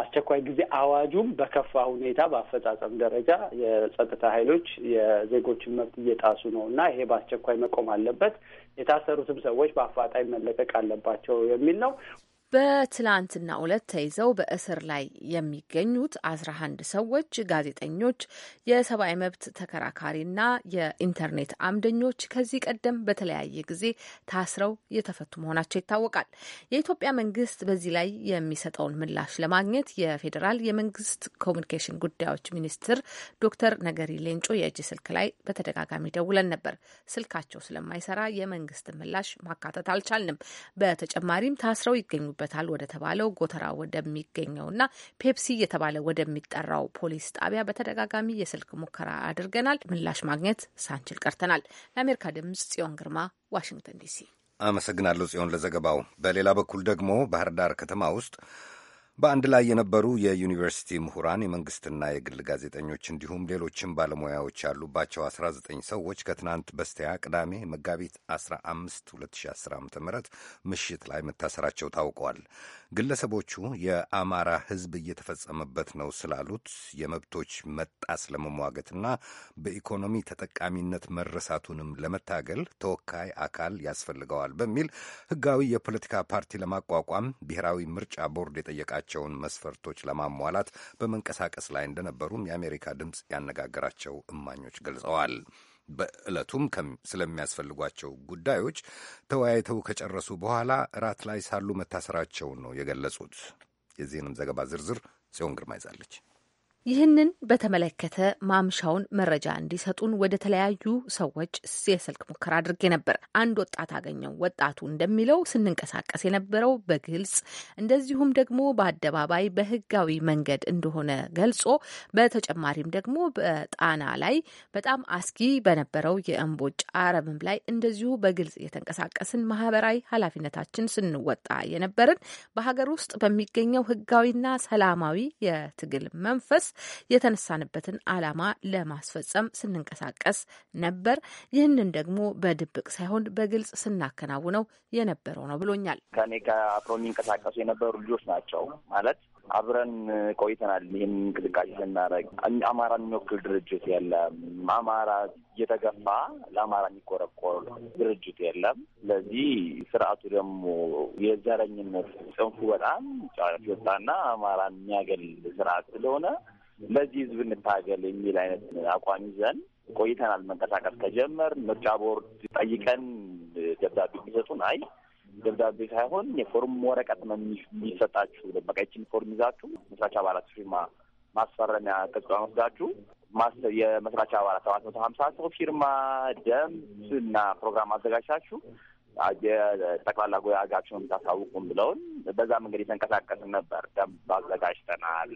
አስቸኳይ ጊዜ አዋጁም በከፋ ሁኔታ በአፈጻጸም ደረጃ የጸጥታ ኃይሎች የዜጎችን መብት እየጣሱ ነው እና ይሄ በአስቸኳይ መቆም አለበት፣ የታሰሩትም ሰዎች በአፋጣኝ መለቀቅ አለባቸው የሚል ነው። በትላንትና ዕለት ተይዘው በእስር ላይ የሚገኙት አስራ አንድ ሰዎች ጋዜጠኞች፣ የሰብአዊ መብት ተከራካሪና የኢንተርኔት አምደኞች ከዚህ ቀደም በተለያየ ጊዜ ታስረው የተፈቱ መሆናቸው ይታወቃል። የኢትዮጵያ መንግስት በዚህ ላይ የሚሰጠውን ምላሽ ለማግኘት የፌዴራል የመንግስት ኮሚኒኬሽን ጉዳዮች ሚኒስትር ዶክተር ነገሪ ሌንጮ የእጅ ስልክ ላይ በተደጋጋሚ ደውለን ነበር። ስልካቸው ስለማይሰራ የመንግስት ምላሽ ማካተት አልቻልንም። በተጨማሪም ታስረው ይገኙበት ይደርስበታል ወደ ተባለው ጎተራ ወደሚገኘውና ፔፕሲ እየተባለ ወደሚጠራው ፖሊስ ጣቢያ በተደጋጋሚ የስልክ ሙከራ አድርገናል። ምላሽ ማግኘት ሳንችል ቀርተናል። ለአሜሪካ ድምጽ ጽዮን ግርማ፣ ዋሽንግተን ዲሲ። አመሰግናለሁ ጽዮን ለዘገባው። በሌላ በኩል ደግሞ ባህር ዳር ከተማ ውስጥ በአንድ ላይ የነበሩ የዩኒቨርሲቲ ምሁራን፣ የመንግስትና የግል ጋዜጠኞች እንዲሁም ሌሎችም ባለሙያዎች ያሉባቸው 19 ሰዎች ከትናንት በስቲያ ቅዳሜ መጋቢት 15 2010 ዓ ም ምሽት ላይ መታሰራቸው ታውቋል። ግለሰቦቹ የአማራ ሕዝብ እየተፈጸመበት ነው ስላሉት የመብቶች መጣስ ለመሟገትና በኢኮኖሚ ተጠቃሚነት መረሳቱንም ለመታገል ተወካይ አካል ያስፈልገዋል በሚል ሕጋዊ የፖለቲካ ፓርቲ ለማቋቋም ብሔራዊ ምርጫ ቦርድ የጠየቃቸውን መስፈርቶች ለማሟላት በመንቀሳቀስ ላይ እንደነበሩም የአሜሪካ ድምፅ ያነጋገራቸው እማኞች ገልጸዋል። በዕለቱም ስለሚያስፈልጓቸው ጉዳዮች ተወያይተው ከጨረሱ በኋላ እራት ላይ ሳሉ መታሰራቸውን ነው የገለጹት። የዚህንም ዘገባ ዝርዝር ጽዮን ግርማ ይዛለች። ይህንን በተመለከተ ማምሻውን መረጃ እንዲሰጡን ወደ ተለያዩ ሰዎች የስልክ ሙከራ አድርጌ ነበር። አንድ ወጣት አገኘው። ወጣቱ እንደሚለው ስንንቀሳቀስ የነበረው በግልጽ እንደዚሁም ደግሞ በአደባባይ በህጋዊ መንገድ እንደሆነ ገልጾ በተጨማሪም ደግሞ በጣና ላይ በጣም አስጊ በነበረው የእምቦጭ አረምም ላይ እንደዚሁ በግልጽ የተንቀሳቀስን ማህበራዊ ኃላፊነታችን ስንወጣ የነበርን በሀገር ውስጥ በሚገኘው ህጋዊና ሰላማዊ የትግል መንፈስ የተነሳንበትን ዓላማ ለማስፈጸም ስንንቀሳቀስ ነበር። ይህንን ደግሞ በድብቅ ሳይሆን በግልጽ ስናከናውነው የነበረው ነው ብሎኛል። ከኔ ከአብሮ የሚንቀሳቀሱ የነበሩ ልጆች ናቸው ማለት አብረን ቆይተናል። ይህን እንቅስቃሴ ስናደርግ አማራ የሚወክል ድርጅት የለም። አማራ እየተገፋ ለአማራ የሚቆረቆር ድርጅት የለም። ስለዚህ ስርዓቱ ደግሞ የዘረኝነት ጽንፉ በጣም ጫወት ወጣና አማራን የሚያገል ስርዓት ስለሆነ ለዚህ ህዝብ እንታገል የሚል አይነት አቋም ይዘን ቆይተናል። መንቀሳቀስ ከጀመር ምርጫ ቦርድ ጠይቀን ደብዳቤ የሚሰጡን አይ ደብዳቤ ሳይሆን የፎርም ወረቀት ነው የሚሰጣችሁ። በቃ ይችን ፎርም ይዛችሁ መስራች አባላት ፊርማ ማስፈረሚያ ቅጽን ወስዳችሁ የመስራች አባላት ሰባት መቶ ሀምሳ ሰው ፊርማ ደንብ እና ፕሮግራም አዘጋጅታችሁ የጠቅላላ ጉባኤ አጋችሁን ታሳውቁም ብለውን በዛ መንገድ የተንቀሳቀስን ነበር። ደንብ አዘጋጅተናል፣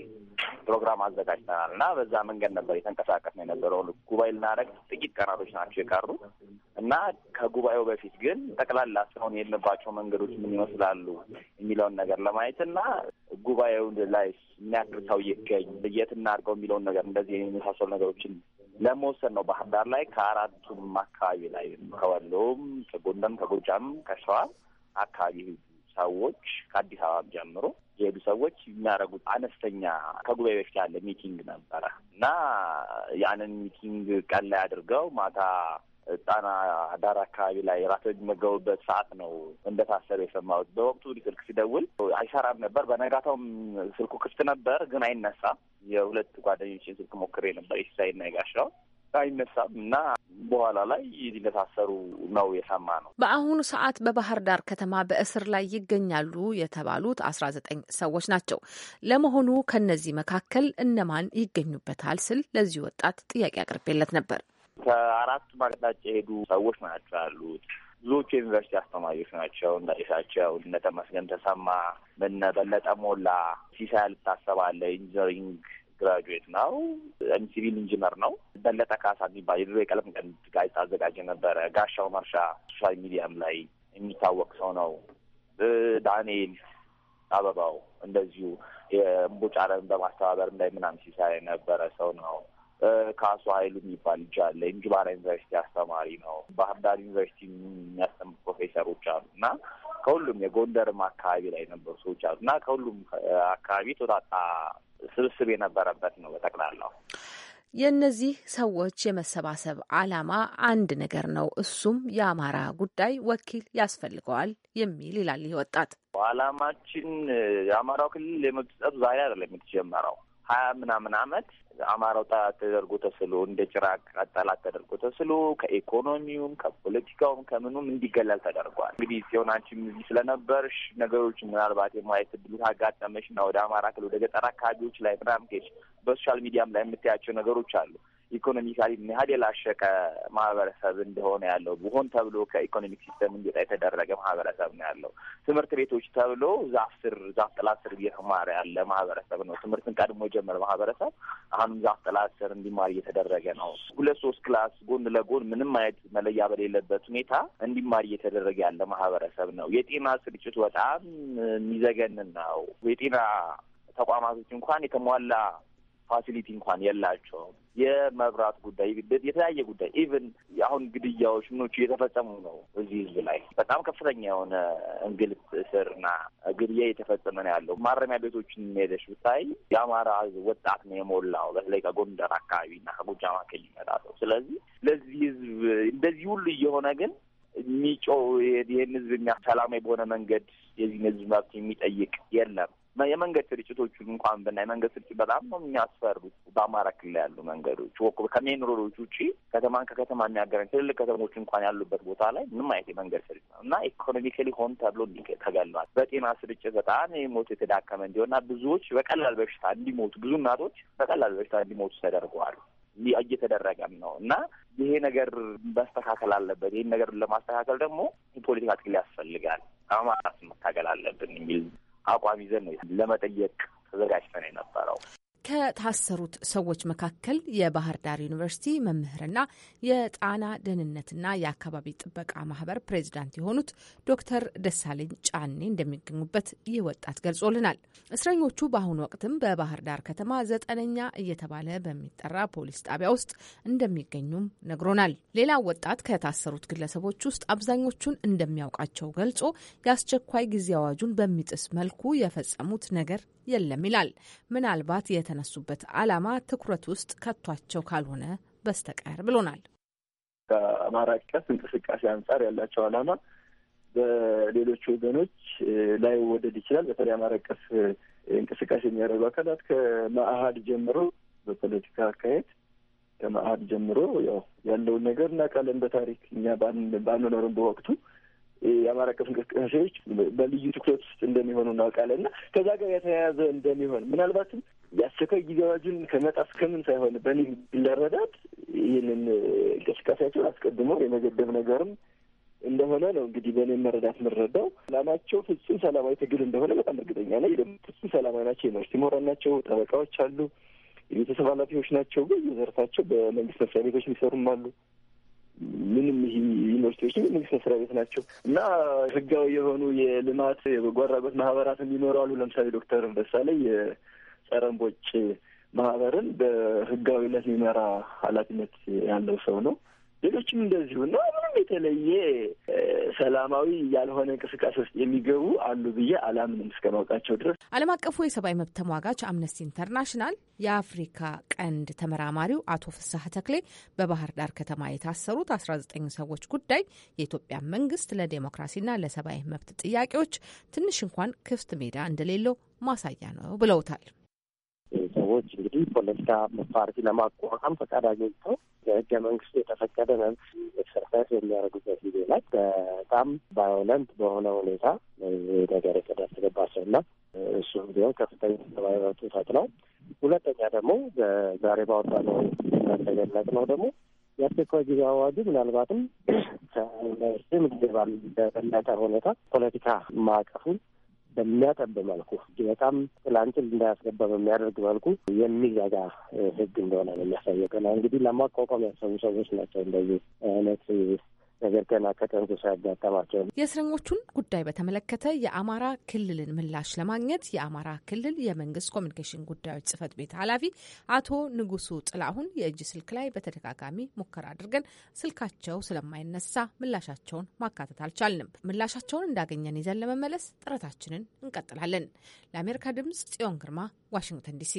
ፕሮግራም አዘጋጅተናል እና በዛ መንገድ ነበር የተንቀሳቀስን የነበረውን ጉባኤ ልናደርግ ጥቂት ቀናቶች ናቸው የቀሩ እና ከጉባኤው በፊት ግን ጠቅላላ እስካሁን የሄድንባቸው መንገዶች ምን ይመስላሉ የሚለውን ነገር ለማየት እና ጉባኤው ላይ የሚያክል ሰው ይገኝ የት እናድርገው የሚለውን ነገር እንደዚህ የመሳሰሉ ነገሮችን ለመወሰን ነው። ባህር ዳር ላይ ከአራቱም አካባቢ ላይ ከወሎም፣ ከጎንደም፣ ከጎጃም፣ ከሸዋ አካባቢ ሰዎች ከአዲስ አበባም ጀምሮ የሄዱ ሰዎች የሚያደርጉት አነስተኛ ከጉባኤ በፊት ያለ ሚቲንግ ነበረ እና ያንን ሚቲንግ ቀን ላይ አድርገው ማታ ጣና ዳር አካባቢ ላይ ራሰጅ የሚመገቡበት ሰዓት ነው እንደታሰረ የሰማሁት። በወቅቱ ስልክ ሲደውል አይሰራም ነበር። በነጋታውም ስልኩ ክፍት ነበር፣ ግን አይነሳም። የሁለት ጓደኞችን ስልክ ሞክሬ ነበር፣ ሲሳይና የጋሻው አይነሳም እና በኋላ ላይ እንደታሰሩ ነው የሰማ ነው። በአሁኑ ሰዓት በባህር ዳር ከተማ በእስር ላይ ይገኛሉ የተባሉት አስራ ዘጠኝ ሰዎች ናቸው። ለመሆኑ ከነዚህ መካከል እነማን ይገኙበታል ስል ለዚህ ወጣት ጥያቄ አቅርቤለት ነበር። ከአራት ማቅጣጫ የሄዱ ሰዎች ናቸው ያሉት። ብዙዎቹ የዩኒቨርሲቲ አስተማሪዎች ናቸው። እንዳይሳቸው እነ ተመስገን ተሰማ፣ እነ በለጠ ሞላ፣ ሲሳይ ልታሰባለ ኢንጂነሪንግ ግራጁዌት ነው፣ ሲቪል ኢንጂነር ነው። በለጠ ካሳ የሚባል የድሮ የቀለም ቀንድ ጋዜጣ አዘጋጅ ነበረ። ጋሻው መርሻ ሶሻል ሚዲያም ላይ የሚታወቅ ሰው ነው። ዳንኤል አበባው እንደዚሁ የእምቦጭ አረምን በማስተባበር ላይ ምናምን ሲሰራ የነበረ ሰው ነው። ካሱ ሀይሉ የሚባል ልጅ አለ። እንጅባራ ዩኒቨርሲቲ አስተማሪ ነው። ባህር ዳር ዩኒቨርሲቲ የሚያስተምሩ ፕሮፌሰሮች አሉ እና ከሁሉም የጎንደርም አካባቢ ላይ የነበሩ ሰዎች አሉ እና ከሁሉም አካባቢ ተወጣጣ ስብስብ የነበረበት ነው በጠቅላላው። የእነዚህ ሰዎች የመሰባሰብ ዓላማ አንድ ነገር ነው። እሱም የአማራ ጉዳይ ወኪል ያስፈልገዋል የሚል ይላል ይህ ወጣት። ዓላማችን የአማራው ክልል የመግለጽ ዛሬ አይደለም የተጀመረው ሀያ ምናምን አመት አማራው ጠላት ተደርጎ ተስሎ እንደ ጭራቅ ጠላት ተደርጎ ተስሎ ከኢኮኖሚውም ከፖለቲካውም ከምኑም እንዲገለል ተደርጓል። እንግዲህ ጽዮን አንቺም እዚህ ስለነበርሽ ነገሮች ምናልባት የማየት እድሉ ካጋጠመሽ እና ወደ አማራ ክልል ወደ ገጠር አካባቢዎች ላይ ምናምን ከሄድሽ በሶሻል ሚዲያም ላይ የምታያቸው ነገሮች አሉ። ኢኮኖሚካሊ ምን ያህል የላሸቀ ማህበረሰብ እንደሆነ ያለው ሆን ተብሎ ከኢኮኖሚክ ሲስተም እንዲወጣ የተደረገ ማህበረሰብ ነው ያለው። ትምህርት ቤቶች ተብሎ ዛፍ ስር ዛፍ ጥላ ስር እየተማረ ያለ ማህበረሰብ ነው። ትምህርትን ቀድሞ የጀመረ ማህበረሰብ አሁንም ዛፍ ጥላ ስር እንዲማር እየተደረገ ነው። ሁለት ሶስት ክላስ ጎን ለጎን ምንም አይነት መለያ በሌለበት ሁኔታ እንዲማር እየተደረገ ያለ ማህበረሰብ ነው። የጤና ስርጭቱ በጣም የሚዘገንን ነው። የጤና ተቋማቶች እንኳን የተሟላ ፋሲሊቲ እንኳን የላቸውም። የመብራት ጉዳይ፣ የተለያየ ጉዳይ ኢቨን አሁን ግድያዎች ምኖቹ እየተፈጸሙ ነው። እዚህ ህዝብ ላይ በጣም ከፍተኛ የሆነ እንግልት፣ እስርና ግድያ እየተፈጸመ ነው ያለው። ማረሚያ ቤቶችን ሄደሽ ብታይ የአማራ ወጣት ነው የሞላው፣ በተለይ ከጎንደር አካባቢና ከጎጃም ክል ይመጣ ሰው። ስለዚህ ለዚህ ህዝብ እንደዚህ ሁሉ እየሆነ ግን የሚጮህ ይህን ህዝብ ሰላማዊ በሆነ መንገድ የዚህን ህዝብ መብት የሚጠይቅ የለም። የመንገድ ስርጭቶቹን እንኳን ብና የመንገድ ስርጭት በጣም ነው የሚያስፈሩት። በአማራ ክልል ያሉ መንገዶች ከሜን ሮዶች ውጪ ከተማን ከከተማ የሚያገረን ትልልቅ ከተሞች እንኳን ያሉበት ቦታ ላይ ምንም አይነት የመንገድ ስርጭት ነው እና ኢኮኖሚካሊ ሆን ተብሎ ተገሏል። በጤና ስርጭት በጣም የሞት የተዳከመ እንዲሆንና ብዙዎች በቀላል በሽታ እንዲሞቱ ብዙ እናቶች በቀላል በሽታ እንዲሞቱ ተደርገዋል። እየተደረገም ነው እና ይሄ ነገር መስተካከል አለበት። ይህን ነገር ለማስተካከል ደግሞ የፖለቲካ ትግል ያስፈልጋል። አማራስ መታገል አለብን የሚል አቋም ይዘን ነው ለመጠየቅ ተዘጋጅተን የነበረው። ከታሰሩት ሰዎች መካከል የባህር ዳር ዩኒቨርሲቲ መምህርና የጣና ደህንነትና የአካባቢ ጥበቃ ማህበር ፕሬዚዳንት የሆኑት ዶክተር ደሳለኝ ጫኔ እንደሚገኙበት ይህ ወጣት ገልጾልናል። እስረኞቹ በአሁኑ ወቅትም በባህር ዳር ከተማ ዘጠነኛ እየተባለ በሚጠራ ፖሊስ ጣቢያ ውስጥ እንደሚገኙም ነግሮናል። ሌላው ወጣት ከታሰሩት ግለሰቦች ውስጥ አብዛኞቹን እንደሚያውቃቸው ገልጾ የአስቸኳይ ጊዜ አዋጁን በሚጥስ መልኩ የፈጸሙት ነገር የለም ይላል። ምናልባት የተነሱበት ዓላማ ትኩረት ውስጥ ከቷቸው ካልሆነ በስተቀር ብሎናል። ከአማራ ቀስ እንቅስቃሴ አንጻር ያላቸው ዓላማ በሌሎች ወገኖች ላይ ወደድ ይችላል። በተለይ አማራ ቀስ እንቅስቃሴ የሚያደርጉ አካላት ከመአሀድ ጀምሮ በፖለቲካ አካሄድ ከመአሀድ ጀምሮ ያው ያለውን ነገር እናውቃለን። በታሪክ እኛ ባንኖርም በወቅቱ የአማራ አቀፍ እንቅስቃሴዎች በልዩ ትኩረት ውስጥ እንደሚሆኑ እናውቃለን እና ከዛ ጋር የተያያዘ እንደሚሆን ምናልባትም የአስቸኳይ ጊዜ አዋጁን ከመጣስ ከምን ሳይሆን በእኔ ለረዳት ይህንን እንቅስቃሴያቸውን አስቀድሞ የመገደብ ነገርም እንደሆነ ነው እንግዲህ በእኔ መረዳት የምንረዳው። ላማቸው ፍጹም ሰላማዊ ትግል እንደሆነ በጣም እርግጠኛ ነኝ። ደግሞ ፍጹም ሰላማዊ ናቸው። ዩኒቨርሲቲ ምሁራን ናቸው፣ ጠበቃዎች አሉ፣ የቤተሰብ ኃላፊዎች ናቸው። ግን የዘርፋቸው በመንግስት መስሪያ ቤቶች የሚሰሩም አሉ። ምንም ይህ ዩኒቨርሲቲዎች የመንግስት መስሪያ ቤት ናቸው እና ህጋዊ የሆኑ የልማት የበጎ አድራጎት ማህበራትም ይኖራሉ። ለምሳሌ ዶክተር ደሳለኝ ጸረ እንቦጭ ማህበርን በህጋዊነት የሚመራ ኃላፊነት ያለው ሰው ነው። ሌሎችም እንደዚሁ እና ምንም የተለየ ሰላማዊ ያልሆነ እንቅስቃሴ ውስጥ የሚገቡ አሉ ብዬ አላምንም እስከ ማውቃቸው ድረስ። ዓለም አቀፉ የሰብአዊ መብት ተሟጋች አምነስቲ ኢንተርናሽናል የአፍሪካ ቀንድ ተመራማሪው አቶ ፍስሐ ተክሌ በባህር ዳር ከተማ የታሰሩት አስራ ዘጠኝ ሰዎች ጉዳይ የኢትዮጵያ መንግስት ለዴሞክራሲና ለሰብአዊ መብት ጥያቄዎች ትንሽ እንኳን ክፍት ሜዳ እንደሌለው ማሳያ ነው ብለውታል። ሰዎች እንግዲህ ፖለቲካ ፓርቲ ለማቋቋም ፈቃድ አግኝተው በህገ መንግስቱ የተፈቀደ መብት ኤክሰርሳይዝ የሚያደርጉበት ጊዜ ላይ በጣም ቫዮለንት በሆነ ሁኔታ ነገር የተደረገባቸው እና እሱም ቢሆን ከፍተኛ ሰብአዊ መብቱ ተጥለው፣ ሁለተኛ ደግሞ ዛሬ ባወጣነው እንደገለጽ ነው ደግሞ የአስቸኳይ ጊዜ አዋጁ ምናልባትም <clears throat> ከምግባል በበለጠ ሁኔታ ፖለቲካ ማዕቀፉን በሚያጠብ መልኩ በጣም ጥላንጭል እንዳያስገባ በሚያደርግ መልኩ የሚዘጋ ህግ እንደሆነ ነው የሚያሳየው። ገና እንግዲህ ለማቋቋም ያሰቡ ሰዎች ናቸው እንደዚህ አይነት ነገር ገና ከጠንሱ ያጋጠማቸው የእስረኞቹን ጉዳይ በተመለከተ የአማራ ክልልን ምላሽ ለማግኘት የአማራ ክልል የመንግስት ኮሚኒኬሽን ጉዳዮች ጽህፈት ቤት ኃላፊ አቶ ንጉሱ ጥላሁን የእጅ ስልክ ላይ በተደጋጋሚ ሙከራ አድርገን ስልካቸው ስለማይነሳ ምላሻቸውን ማካተት አልቻልንም። ምላሻቸውን እንዳገኘን ይዘን ለመመለስ ጥረታችንን እንቀጥላለን። ለአሜሪካ ድምጽ ጽዮን ግርማ ዋሽንግተን ዲሲ።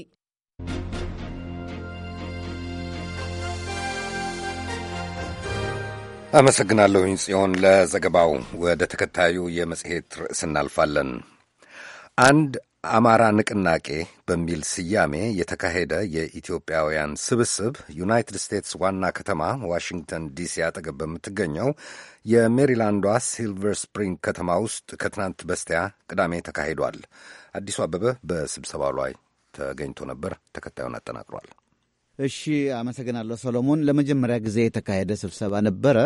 አመሰግናለሁኝ ጽዮን ለዘገባው። ወደ ተከታዩ የመጽሔት ርዕስ እናልፋለን። አንድ አማራ ንቅናቄ በሚል ስያሜ የተካሄደ የኢትዮጵያውያን ስብስብ ዩናይትድ ስቴትስ ዋና ከተማ ዋሽንግተን ዲሲ አጠገብ በምትገኘው የሜሪላንዷ ሲልቨር ስፕሪንግ ከተማ ውስጥ ከትናንት በስቲያ ቅዳሜ ተካሂዷል። አዲሱ አበበ በስብሰባው ላይ ተገኝቶ ነበር። ተከታዩን አጠናቅሯል። እሺ፣ አመሰግናለሁ ሰሎሞን። ለመጀመሪያ ጊዜ የተካሄደ ስብሰባ ነበረ።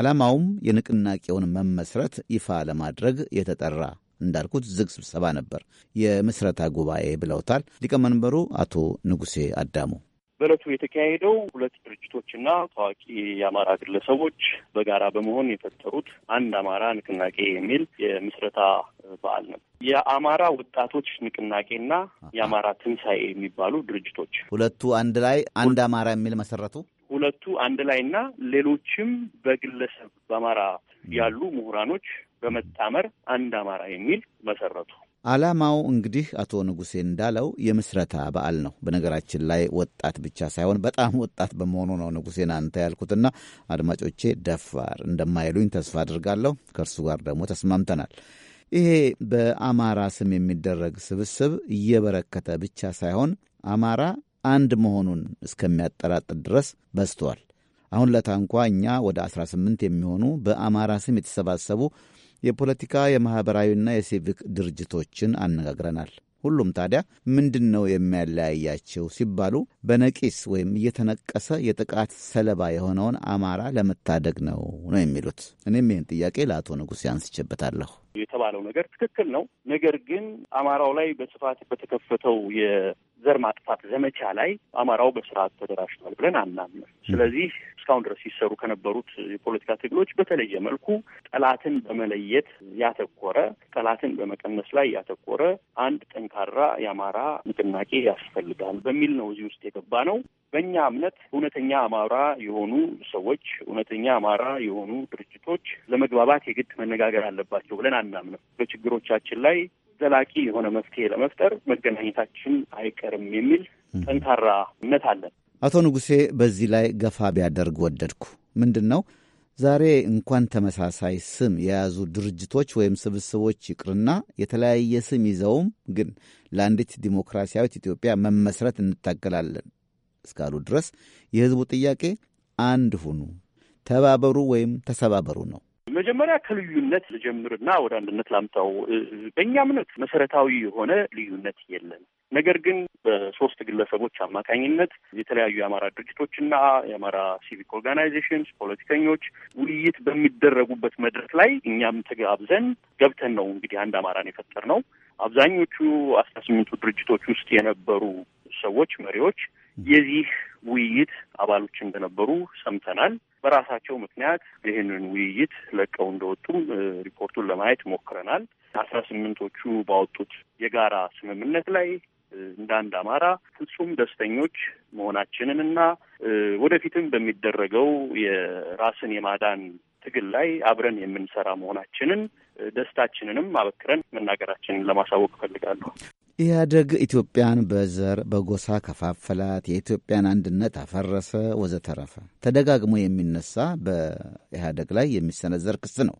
ዓላማውም የንቅናቄውን መመስረት ይፋ ለማድረግ የተጠራ እንዳልኩት ዝግ ስብሰባ ነበር። የምስረታ ጉባኤ ብለውታል ሊቀመንበሩ አቶ ንጉሴ አዳሙ። በእለቱ የተካሄደው ሁለት ድርጅቶችና ታዋቂ የአማራ ግለሰቦች በጋራ በመሆን የፈጠሩት አንድ አማራ ንቅናቄ የሚል የምስረታ በዓል ነው። የአማራ ወጣቶች ንቅናቄና የአማራ ትንሣኤ የሚባሉ ድርጅቶች ሁለቱ አንድ ላይ አንድ አማራ የሚል መሰረቱ። ሁለቱ አንድ ላይ ሌሎችም በግለሰብ በአማራ ያሉ ምሁራኖች በመጣመር አንድ አማራ የሚል መሰረቱ። ዓላማው እንግዲህ አቶ ንጉሴ እንዳለው የምስረታ በዓል ነው። በነገራችን ላይ ወጣት ብቻ ሳይሆን በጣም ወጣት በመሆኑ ነው ንጉሴን አንተ ያልኩትና አድማጮቼ ደፋር እንደማይሉኝ ተስፋ አድርጋለሁ። ከእርሱ ጋር ደግሞ ተስማምተናል። ይሄ በአማራ ስም የሚደረግ ስብስብ እየበረከተ ብቻ ሳይሆን አማራ አንድ መሆኑን እስከሚያጠራጥር ድረስ በዝቷል። አሁን ለታንኳ እኛ ወደ 18 የሚሆኑ በአማራ ስም የተሰባሰቡ የፖለቲካ የማኅበራዊና የሲቪክ ድርጅቶችን አነጋግረናል። ሁሉም ታዲያ ምንድን ነው የሚያለያያቸው ሲባሉ በነቂስ ወይም እየተነቀሰ የጥቃት ሰለባ የሆነውን አማራ ለመታደግ ነው ነው የሚሉት። እኔም ይህን ጥያቄ ለአቶ ንጉሥ ያንስችበታለሁ። የተባለው ነገር ትክክል ነው። ነገር ግን አማራው ላይ በስፋት በተከፈተው ዘር ማጥፋት ዘመቻ ላይ አማራው በስርዓት ተደራጅቷል ብለን አናምንም። ስለዚህ እስካሁን ድረስ ሲሰሩ ከነበሩት የፖለቲካ ትግሎች በተለየ መልኩ ጠላትን በመለየት ያተኮረ፣ ጠላትን በመቀነስ ላይ ያተኮረ አንድ ጠንካራ የአማራ ንቅናቄ ያስፈልጋል በሚል ነው እዚህ ውስጥ የገባ ነው። በእኛ እምነት እውነተኛ አማራ የሆኑ ሰዎች፣ እውነተኛ አማራ የሆኑ ድርጅቶች ለመግባባት የግድ መነጋገር አለባቸው ብለን አናምንም። በችግሮቻችን ላይ ዘላቂ የሆነ መፍትሄ ለመፍጠር መገናኘታችን አይቀርም የሚል ጠንካራነት አለን። አቶ ንጉሴ በዚህ ላይ ገፋ ቢያደርግ ወደድኩ። ምንድን ነው ዛሬ እንኳን ተመሳሳይ ስም የያዙ ድርጅቶች ወይም ስብስቦች ይቅርና የተለያየ ስም ይዘውም ግን ለአንዲት ዲሞክራሲያዊት ኢትዮጵያ መመስረት እንታገላለን እስካሉ ድረስ የህዝቡ ጥያቄ አንድ ሁኑ፣ ተባበሩ ወይም ተሰባበሩ ነው። መጀመሪያ ከልዩነት ልጀምርና ወደ አንድነት ላምጣው። በእኛ እምነት መሰረታዊ የሆነ ልዩነት የለም። ነገር ግን በሶስት ግለሰቦች አማካኝነት የተለያዩ የአማራ ድርጅቶችና የአማራ ሲቪክ ኦርጋናይዜሽንስ ፖለቲከኞች ውይይት በሚደረጉበት መድረክ ላይ እኛም ተጋብዘን ገብተን ነው እንግዲህ አንድ አማራን የፈጠር ነው። አብዛኞቹ አስራ ስምንቱ ድርጅቶች ውስጥ የነበሩ ሰዎች መሪዎች የዚህ ውይይት አባሎች እንደነበሩ ሰምተናል። በራሳቸው ምክንያት ይህንን ውይይት ለቀው እንደወጡም ሪፖርቱን ለማየት ሞክረናል። አስራ ስምንቶቹ ባወጡት የጋራ ስምምነት ላይ እንደ አንድ አማራ ፍጹም ደስተኞች መሆናችንን እና ወደፊትም በሚደረገው የራስን የማዳን ትግል ላይ አብረን የምንሰራ መሆናችንን ደስታችንንም አበክረን መናገራችንን ለማሳወቅ እፈልጋለሁ። ኢህአደግ ኢትዮጵያን በዘር በጎሳ ከፋፈላት፣ የኢትዮጵያን አንድነት አፈረሰ፣ ወዘተረፈ ተደጋግሞ የሚነሳ በኢህአደግ ላይ የሚሰነዘር ክስ ነው።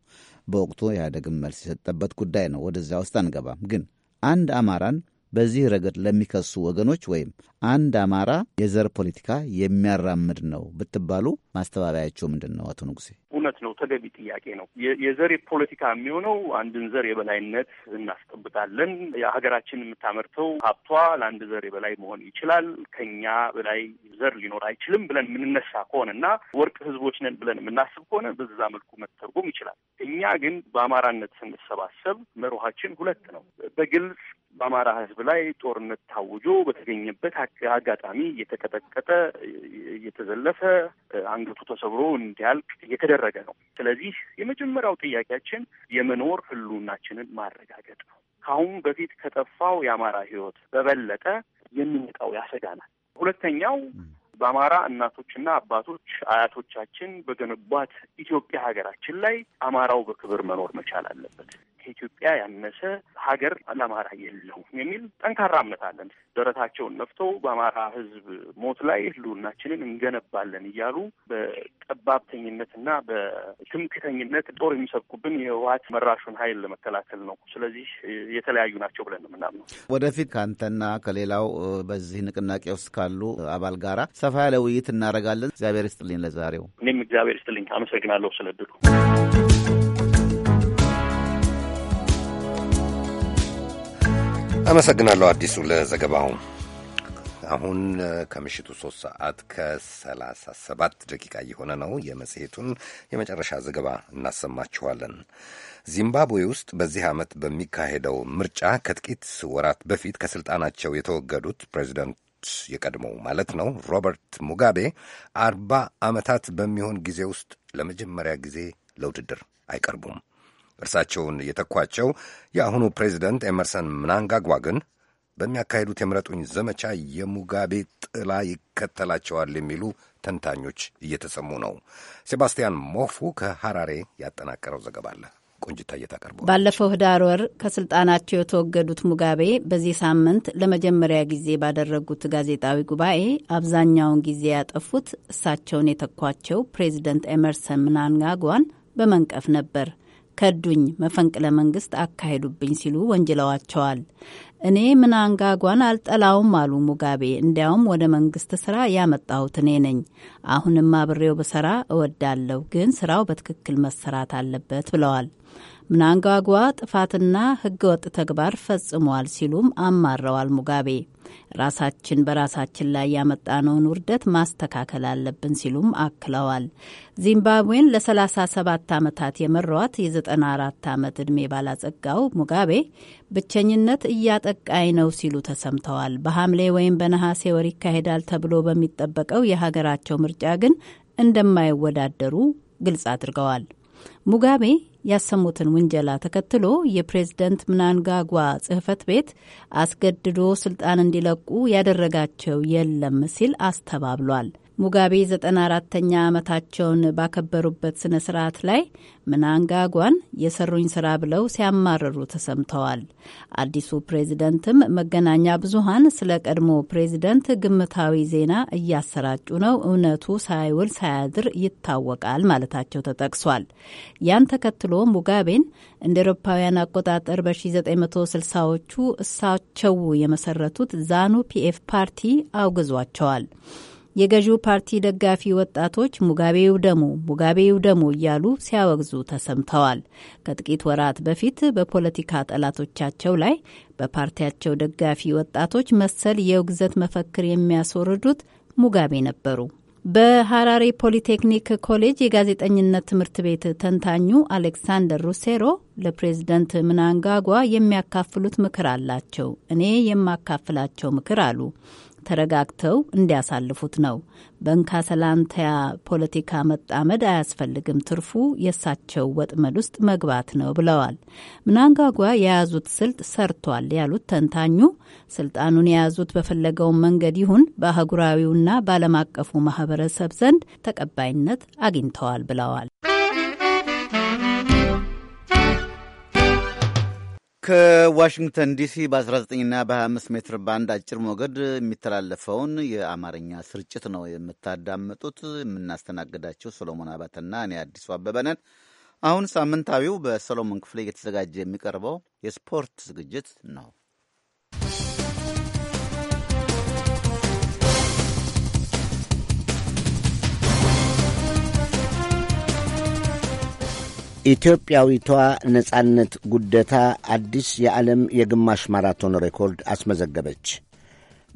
በወቅቱ ኢህአደግን መልስ የሰጠበት ጉዳይ ነው። ወደዚያ ውስጥ አንገባም። ግን አንድ አማራን በዚህ ረገድ ለሚከሱ ወገኖች ወይም አንድ አማራ የዘር ፖለቲካ የሚያራምድ ነው ብትባሉ ማስተባበያቸው ምንድን ነው? አቶ ንጉሴ፣ እውነት ነው፣ ተገቢ ጥያቄ ነው። የዘር ፖለቲካ የሚሆነው አንድን ዘር የበላይነት እናስጠብቃለን፣ የሀገራችን የምታመርተው ሀብቷ ለአንድ ዘር የበላይ መሆን ይችላል፣ ከኛ በላይ ዘር ሊኖር አይችልም ብለን የምንነሳ ከሆነ እና ወርቅ ህዝቦች ነን ብለን የምናስብ ከሆነ በዛ መልኩ መተርጎም ይችላል። እኛ ግን በአማራነት ስንሰባሰብ መርሃችን ሁለት ነው። በግልጽ በአማራ ህዝብ ላይ ጦርነት ታውጆ በተገኘበት አጋጣሚ እየተቀጠቀጠ እየተዘለፈ አንገቱ ተሰብሮ እንዲያልቅ እየተደረገ ነው። ስለዚህ የመጀመሪያው ጥያቄያችን የመኖር ህልውናችንን ማረጋገጥ ነው። ከአሁን በፊት ከጠፋው የአማራ ህይወት በበለጠ የሚመጣው ያሰጋናል። ሁለተኛው በአማራ እናቶችና አባቶች አያቶቻችን በገነቧት ኢትዮጵያ ሀገራችን ላይ አማራው በክብር መኖር መቻል አለበት። ከኢትዮጵያ ያነሰ ሀገር ለአማራ የለውም የሚል ጠንካራ እምነት አለን። ደረታቸውን ነፍተው በአማራ ሕዝብ ሞት ላይ ህልውናችንን እንገነባለን እያሉ በጠባብተኝነትና በትምክተኝነት ጦር የሚሰብኩብን የህወሀት መራሹን ኃይል ለመከላከል ነው። ስለዚህ የተለያዩ ናቸው ብለን ነው የምናምነው። ወደፊት ከአንተና ከሌላው በዚህ ንቅናቄ ውስጥ ካሉ አባል ጋራ ሰፋ ያለ ውይይት እናደርጋለን። እግዚአብሔር ይስጥልኝ። ለዛሬው እኔም እግዚአብሔር ይስጥልኝ አመሰግናለሁ ስለ አመሰግናለሁ አዲሱ ለዘገባው። አሁን ከምሽቱ ሶስት ሰዓት ከሰላሳ ሰባት ደቂቃ እየሆነ ነው። የመጽሔቱን የመጨረሻ ዘገባ እናሰማችኋለን። ዚምባብዌ ውስጥ በዚህ ዓመት በሚካሄደው ምርጫ ከጥቂት ወራት በፊት ከስልጣናቸው የተወገዱት ፕሬዚደንት የቀድሞው ማለት ነው ሮበርት ሙጋቤ አርባ ዓመታት በሚሆን ጊዜ ውስጥ ለመጀመሪያ ጊዜ ለውድድር አይቀርቡም። እርሳቸውን የተኳቸው የአሁኑ ፕሬዚደንት ኤመርሰን ምናንጋጓ ግን በሚያካሄዱት የምረጡኝ ዘመቻ የሙጋቤ ጥላ ይከተላቸዋል የሚሉ ተንታኞች እየተሰሙ ነው። ሴባስቲያን ሞፉ ከሐራሬ ያጠናቀረው ዘገባ አለ። ቆንጅታ እየታቀርበ ባለፈው ህዳር ወር ከስልጣናቸው የተወገዱት ሙጋቤ በዚህ ሳምንት ለመጀመሪያ ጊዜ ባደረጉት ጋዜጣዊ ጉባኤ አብዛኛውን ጊዜ ያጠፉት እሳቸውን የተኳቸው ፕሬዚደንት ኤመርሰን ምናንጋጓን በመንቀፍ ነበር። ከዱኝ፣ መፈንቅለ መንግስት አካሄዱብኝ ሲሉ ወንጅለዋቸዋል። እኔ ምናንጋጓን አልጠላውም አሉ ሙጋቤ። እንዲያውም ወደ መንግስት ስራ ያመጣሁት እኔ ነኝ። አሁንም አብሬው በሰራ እወዳለሁ፣ ግን ስራው በትክክል መሰራት አለበት ብለዋል። ምናንጋጓ ጥፋትና ህገወጥ ተግባር ፈጽሟል ሲሉም አማረዋል ሙጋቤ። ራሳችን በራሳችን ላይ ያመጣነውን ውርደት ማስተካከል አለብን ሲሉም አክለዋል። ዚምባብዌን ለ37 ዓመታት የመሯት የ94 ዓመት ዕድሜ ባላጸጋው ሙጋቤ ብቸኝነት እያጠቃኝ ነው ሲሉ ተሰምተዋል። በሐምሌ ወይም በነሐሴ ወር ይካሄዳል ተብሎ በሚጠበቀው የሀገራቸው ምርጫ ግን እንደማይወዳደሩ ግልጽ አድርገዋል። ሙጋቤ ያሰሙትን ውንጀላ ተከትሎ የፕሬዝደንት ምናንጋጓ ጽህፈት ቤት አስገድዶ ስልጣን እንዲለቁ ያደረጋቸው የለም ሲል አስተባብሏል። ሙጋቤ 94ተኛ ዓመታቸውን ባከበሩበት ስነ ስርዓት ላይ ምናንጋጓን የሰሩኝ ስራ ብለው ሲያማርሩ ተሰምተዋል። አዲሱ ፕሬዝደንትም መገናኛ ብዙሃን ስለ ቀድሞ ፕሬዝደንት ግምታዊ ዜና እያሰራጩ ነው፣ እውነቱ ሳይውል ሳያድር ይታወቃል ማለታቸው ተጠቅሷል። ያን ተከትሎ ሙጋቤን እንደ ኤሮፓውያን አቆጣጠር በ1960ዎቹ እሳቸው የመሰረቱት ዛኑ ፒኤፍ ፓርቲ አውግዟቸዋል። የገዢው ፓርቲ ደጋፊ ወጣቶች ሙጋቤው ደሞ ሙጋቤው ደሞ እያሉ ሲያወግዙ ተሰምተዋል። ከጥቂት ወራት በፊት በፖለቲካ ጠላቶቻቸው ላይ በፓርቲያቸው ደጋፊ ወጣቶች መሰል የውግዘት መፈክር የሚያስወርዱት ሙጋቤ ነበሩ። በሀራሪ ፖሊቴክኒክ ኮሌጅ የጋዜጠኝነት ትምህርት ቤት ተንታኙ አሌክሳንደር ሩሴሮ ለፕሬዝደንት ምናንጋጓ የሚያካፍሉት ምክር አላቸው። እኔ የማካፍላቸው ምክር አሉ ተረጋግተው እንዲያሳልፉት ነው። በእንካሰላንታያ ፖለቲካ መጣመድ አያስፈልግም፣ ትርፉ የእሳቸው ወጥመድ ውስጥ መግባት ነው ብለዋል። ምናንጋጓ የያዙት ስልት ሰርቷል ያሉት ተንታኙ ስልጣኑን የያዙት በፈለገው መንገድ ይሁን በአህጉራዊውና በዓለም አቀፉ ማህበረሰብ ዘንድ ተቀባይነት አግኝተዋል ብለዋል። ከዋሽንግተን ዲሲ በ19ና በ25 ሜትር ባንድ አጭር ሞገድ የሚተላለፈውን የአማርኛ ስርጭት ነው የምታዳምጡት። የምናስተናግዳቸው ሰሎሞን አባተና እኔ አዲሱ አበበ ነን። አሁን ሳምንታዊው በሰሎሞን ክፍሌ እየተዘጋጀ የሚቀርበው የስፖርት ዝግጅት ነው። ኢትዮጵያዊቷ ነጻነት ጉደታ አዲስ የዓለም የግማሽ ማራቶን ሬኮርድ አስመዘገበች።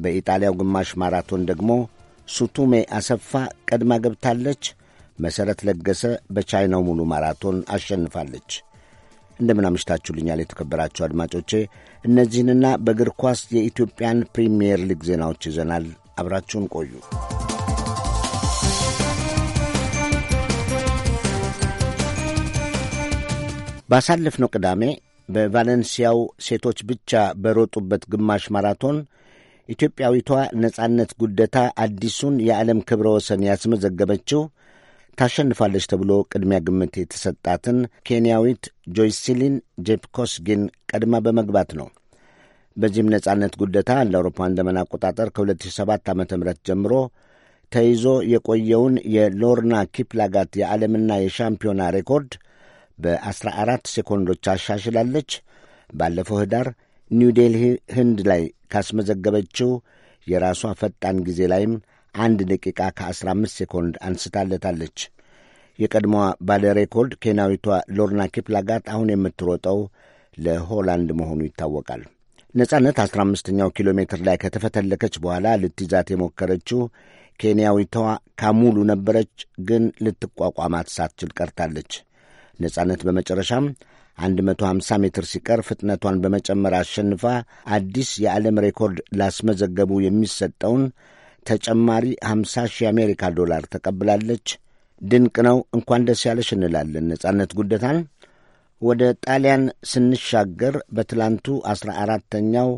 በኢጣሊያው ግማሽ ማራቶን ደግሞ ሱቱሜ አሰፋ ቀድማ ገብታለች። መሠረት ለገሰ በቻይናው ሙሉ ማራቶን አሸንፋለች። እንደምን አምሽታችሁልኛል የተከበራችሁ አድማጮቼ። እነዚህንና በእግር ኳስ የኢትዮጵያን ፕሪምየር ሊግ ዜናዎች ይዘናል። አብራችሁን ቆዩ። ባሳለፍነው ቅዳሜ በቫለንሲያው ሴቶች ብቻ በሮጡበት ግማሽ ማራቶን ኢትዮጵያዊቷ ነጻነት ጉደታ አዲሱን የዓለም ክብረ ወሰን ያስመዘገበችው ታሸንፋለች ተብሎ ቅድሚያ ግምት የተሰጣትን ኬንያዊት ጆይሲሊን ጄፕኮስጊን ቀድማ በመግባት ነው። በዚህም ነጻነት ጉደታ እንደ አውሮፓውያን ዘመን አቆጣጠር ከ2007 ዓ ም ጀምሮ ተይዞ የቆየውን የሎርና ኪፕላጋት የዓለምና የሻምፒዮና ሬኮርድ በ14 ሴኮንዶች አሻሽላለች። ባለፈው ህዳር ኒውዴልሂ ህንድ ላይ ካስመዘገበችው የራሷ ፈጣን ጊዜ ላይም አንድ ደቂቃ ከ15 ሴኮንድ አንስታለታለች። የቀድሞዋ ባለ ሬኮርድ ኬንያዊቷ ሎርና ኪፕላጋት አሁን የምትሮጠው ለሆላንድ መሆኑ ይታወቃል። ነጻነት 15ኛው ኪሎ ሜትር ላይ ከተፈተለከች በኋላ ልትይዛት የሞከረችው ኬንያዊቷ ካሙሉ ነበረች፣ ግን ልትቋቋማት ሳትችል ቀርታለች። ነጻነት በመጨረሻም 150 ሜትር ሲቀር ፍጥነቷን በመጨመር አሸንፋ አዲስ የዓለም ሬኮርድ ላስመዘገቡ የሚሰጠውን ተጨማሪ 50 ሺህ አሜሪካ ዶላር ተቀብላለች። ድንቅ ነው። እንኳን ደስ ያለሽ እንላለን ነጻነት ጉደታን። ወደ ጣሊያን ስንሻገር በትላንቱ አስራ አራተኛው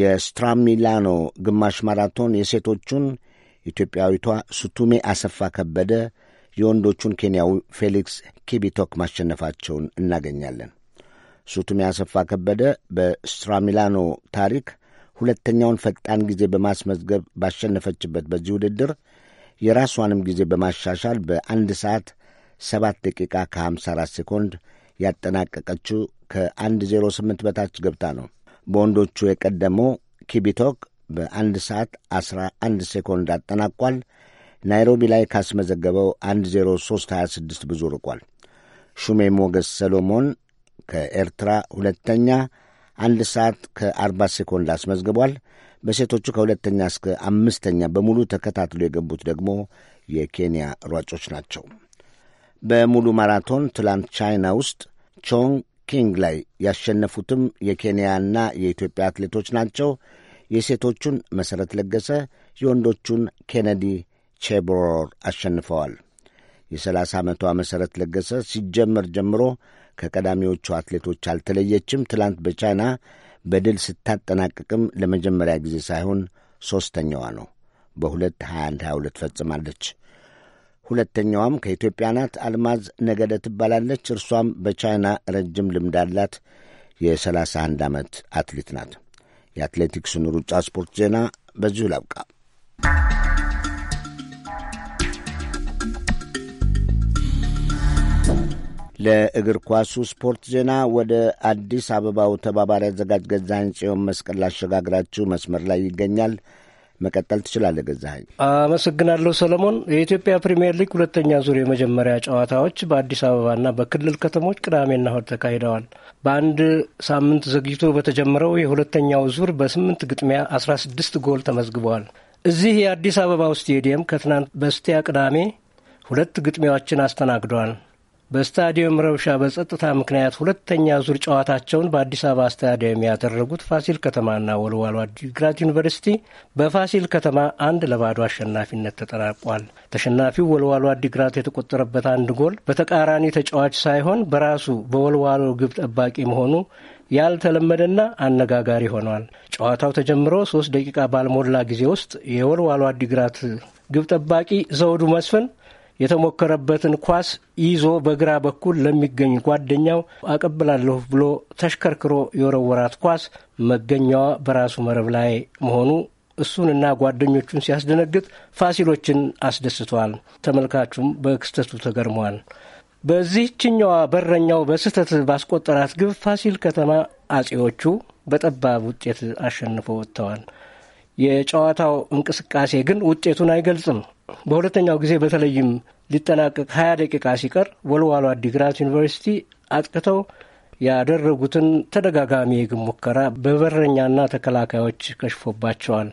የስትራሚላኖ ግማሽ ማራቶን የሴቶቹን ኢትዮጵያዊቷ ስቱሜ አሰፋ ከበደ የወንዶቹን ኬንያዊ ፌሊክስ ኪቢቶክ ማሸነፋቸውን እናገኛለን። ሱቱሜ አሰፋ ከበደ በስትራሚላኖ ታሪክ ሁለተኛውን ፈጣን ጊዜ በማስመዝገብ ባሸነፈችበት በዚህ ውድድር የራሷንም ጊዜ በማሻሻል በአንድ ሰዓት 7 ደቂቃ ከ54 ሴኮንድ ያጠናቀቀችው ከ108 በታች ገብታ ነው። በወንዶቹ የቀደመው ኪቢቶክ በአንድ ሰዓት 11 ሴኮንድ አጠናቋል። ናይሮቢ ላይ ካስመዘገበው 10326 ብዙ ርቋል። ሹሜ ሞገስ ሰሎሞን ከኤርትራ ሁለተኛ አንድ ሰዓት ከ40 ሴኮንድ አስመዝግቧል። በሴቶቹ ከሁለተኛ እስከ አምስተኛ በሙሉ ተከታትሎ የገቡት ደግሞ የኬንያ ሯጮች ናቸው። በሙሉ ማራቶን ትላንት ቻይና ውስጥ ቾንግ ኪንግ ላይ ያሸነፉትም የኬንያና የኢትዮጵያ አትሌቶች ናቸው። የሴቶቹን መሠረት ለገሰ፣ የወንዶቹን ኬነዲ ቼቦሮር አሸንፈዋል። የ30 ዓመቷ መሠረት ለገሰ ሲጀመር ጀምሮ ከቀዳሚዎቹ አትሌቶች አልተለየችም። ትላንት በቻይና በድል ስታጠናቅቅም ለመጀመሪያ ጊዜ ሳይሆን ሦስተኛዋ ነው። በሁለት 21 22 ፈጽማለች። ሁለተኛዋም ከኢትዮጵያ ናት። አልማዝ ነገደ ትባላለች። እርሷም በቻይና ረጅም ልምድ አላት። የ31 ዓመት አትሌት ናት። የአትሌቲክስን ሩጫ ስፖርት ዜና በዚሁ ላብቃ። ለእግር ኳሱ ስፖርት ዜና ወደ አዲስ አበባው ተባባሪ አዘጋጅ ገዛኸኝ ጽዮን መስቀል ላሸጋግራችሁ መስመር ላይ ይገኛል። መቀጠል ትችላለህ ገዛኸኝ። አመሰግናለሁ ሰለሞን። የኢትዮጵያ ፕሪምየር ሊግ ሁለተኛ ዙር የመጀመሪያ ጨዋታዎች በአዲስ አበባና በክልል ከተሞች ቅዳሜና እሁድ ተካሂደዋል። በአንድ ሳምንት ዘግይቶ በተጀመረው የሁለተኛው ዙር በስምንት ግጥሚያ አስራ ስድስት ጎል ተመዝግበዋል። እዚህ የአዲስ አበባው ስቴዲየም ከትናንት በስቲያ ቅዳሜ ሁለት ግጥሚያዎችን አስተናግደዋል። በስታዲየም ረብሻ በጸጥታ ምክንያት ሁለተኛ ዙር ጨዋታቸውን በአዲስ አበባ ስታዲየም ያደረጉት ፋሲል ከተማና ወልዋሎ አዲግራት ዩኒቨርሲቲ በፋሲል ከተማ አንድ ለባዶ አሸናፊነት ተጠናቋል። ተሸናፊው ወልዋሎ አዲግራት የተቆጠረበት አንድ ጎል በተቃራኒ ተጫዋች ሳይሆን በራሱ በወልዋሎ ግብ ጠባቂ መሆኑ ያልተለመደና አነጋጋሪ ሆኗል። ጨዋታው ተጀምሮ ሶስት ደቂቃ ባልሞላ ጊዜ ውስጥ የወልዋሎ አዲግራት ግብ ጠባቂ ዘውዱ መስፍን የተሞከረበትን ኳስ ይዞ በግራ በኩል ለሚገኝ ጓደኛው አቀብላለሁ ብሎ ተሽከርክሮ የወረወራት ኳስ መገኛዋ በራሱ መረብ ላይ መሆኑ እሱንና ጓደኞቹን ሲያስደነግጥ ፋሲሎችን አስደስቷል። ተመልካቹም በክስተቱ ተገርሟል። በዚህችኛዋ በረኛው በስህተት ባስቆጠራት ግብ ፋሲል ከተማ አጼዎቹ በጠባብ ውጤት አሸንፈው ወጥተዋል። የጨዋታው እንቅስቃሴ ግን ውጤቱን አይገልጽም። በሁለተኛው ጊዜ በተለይም ሊጠናቀቅ ሀያ ደቂቃ ሲቀር ወልዋሎ አዲግራት ዩኒቨርሲቲ አጥቅተው ያደረጉትን ተደጋጋሚ የግብ ሙከራ በበረኛና ተከላካዮች ከሽፎባቸዋል።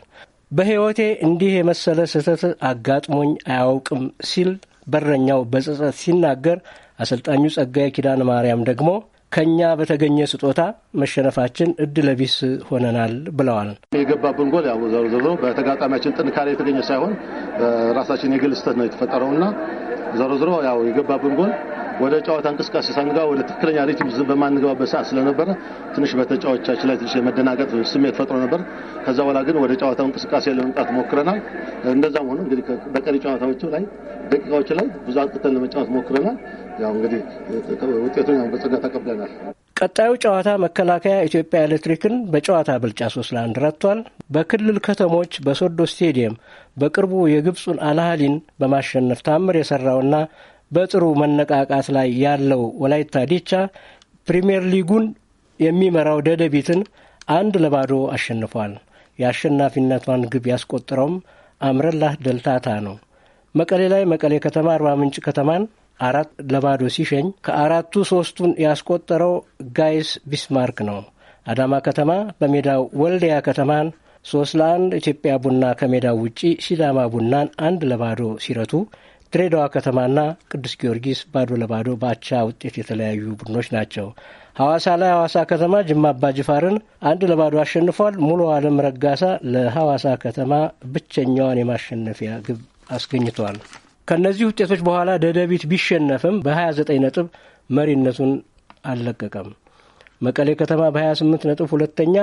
በሕይወቴ እንዲህ የመሰለ ስህተት አጋጥሞኝ አያውቅም ሲል በረኛው በጸጸት ሲናገር፣ አሰልጣኙ ጸጋዬ ኪዳነ ማርያም ደግሞ ከኛ በተገኘ ስጦታ መሸነፋችን እድለ ቢስ ሆነናል ብለዋል። የገባብን ጎል ያው ዘሮ ዘሮ በተጋጣሚያችን ጥንካሬ የተገኘ ሳይሆን ራሳችን የግል ስህተት ነው የተፈጠረውና ዘሮ ዘሮ ያው የገባብን ጎል ወደ ጨዋታ እንቅስቃሴ ሳንገባ ወደ ትክክለኛ ሪትም በማንገባበት ሰዓት ስለነበረ ትንሽ በተጫዋቻችን ላይ ትንሽ የመደናገጥ ስሜት ፈጥሮ ነበር። ከዛ በኋላ ግን ወደ ጨዋታ እንቅስቃሴ ለመምጣት ሞክረናል። እንደዛም ሆኖ እንግዲህ በቀሪ ጨዋታዎች ላይ ደቂቃዎች ላይ ብዙ አጥቅተን ለመጫወት ሞክረናል። ያው እንግዲህ ውጤቱን ያው ተቀብለናል። ቀጣዩ ጨዋታ መከላከያ ኢትዮጵያ ኤሌክትሪክን በጨዋታ ብልጫ ሶስት ለአንድ ረቷል። በክልል ከተሞች በሶዶ ስቴዲየም በቅርቡ የግብፁን አልሃሊን በማሸነፍ ታምር የሰራውና በጥሩ መነቃቃት ላይ ያለው ወላይታ ዲቻ ፕሪምየር ሊጉን የሚመራው ደደቢትን አንድ ለባዶ አሸንፏል። የአሸናፊነቷን ግብ ያስቆጠረውም አምረላህ ደልታታ ነው። መቀሌ ላይ መቀሌ ከተማ አርባ ምንጭ ከተማን አራት ለባዶ ሲሸኝ ከአራቱ ሶስቱን ያስቆጠረው ጋይስ ቢስማርክ ነው። አዳማ ከተማ በሜዳው ወልዲያ ከተማን ሶስት ለአንድ፣ ኢትዮጵያ ቡና ከሜዳው ውጪ ሲዳማ ቡናን አንድ ለባዶ ሲረቱ ድሬዳዋ ከተማና ቅዱስ ጊዮርጊስ ባዶ ለባዶ በአቻ ውጤት የተለያዩ ቡድኖች ናቸው። ሐዋሳ ላይ ሐዋሳ ከተማ ጅማ አባጅፋርን አንድ ለባዶ አሸንፏል። ሙሉ አለም ረጋሳ ለሐዋሳ ከተማ ብቸኛዋን የማሸነፊያ ግብ አስገኝቷል። ከእነዚህ ውጤቶች በኋላ ደደቢት ቢሸነፍም በ29 ነጥብ መሪነቱን አልለቀቀም። መቀሌ ከተማ በ28 ነጥብ ሁለተኛ፣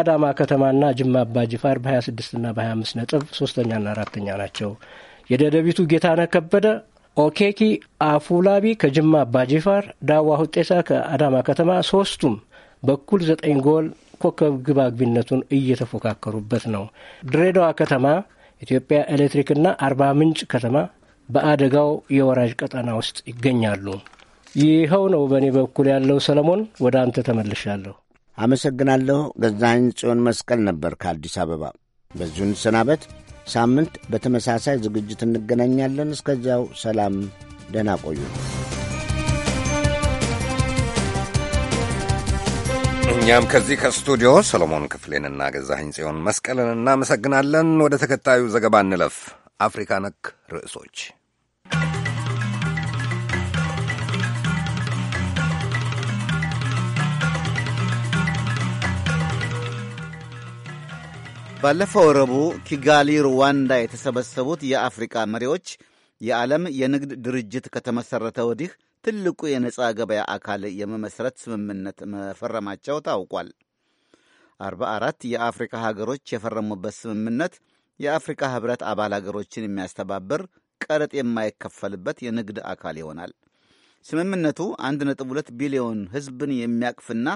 አዳማ ከተማና ጅማ አባጅፋር በ26ና በ25 ነጥብ ሶስተኛና አራተኛ ናቸው። የደደቢቱ ጌታነህ ከበደ፣ ኦኬኪ አፉላቢ ከጅማ አባጅፋር፣ ዳዋ ሁጤሳ ከአዳማ ከተማ ሶስቱም በኩል ዘጠኝ ጎል ኮከብ ግባግቢነቱን እየተፎካከሩበት ነው። ድሬዳዋ ከተማ፣ ኢትዮጵያ ኤሌክትሪክና አርባ ምንጭ ከተማ በአደጋው የወራጅ ቀጠና ውስጥ ይገኛሉ። ይኸው ነው በእኔ በኩል ያለው። ሰለሞን ወደ አንተ ተመልሻለሁ። አመሰግናለሁ። ገዛኸኝ ጽዮን መስቀል ነበር ከአዲስ አበባ። በዚሁ እንሰናበት። ሳምንት በተመሳሳይ ዝግጅት እንገናኛለን። እስከዚያው ሰላም፣ ደህና ቆዩ። እኛም ከዚህ ከስቱዲዮ ሰሎሞን ክፍሌንና ገዛኸኝ ጽዮን መስቀልን እናመሰግናለን። ወደ ተከታዩ ዘገባ እንለፍ። አፍሪካ ነክ ርዕሶች ባለፈው ረቡዕ ኪጋሊ ሩዋንዳ የተሰበሰቡት የአፍሪቃ መሪዎች የዓለም የንግድ ድርጅት ከተመሠረተ ወዲህ ትልቁ የነፃ ገበያ አካል የመመስረት ስምምነት መፈረማቸው ታውቋል። አርባ አራት የአፍሪካ ሀገሮች የፈረሙበት ስምምነት የአፍሪካ ህብረት አባል ሀገሮችን የሚያስተባብር ቀረጥ የማይከፈልበት የንግድ አካል ይሆናል። ስምምነቱ 1.2 ቢሊዮን ህዝብን የሚያቅፍና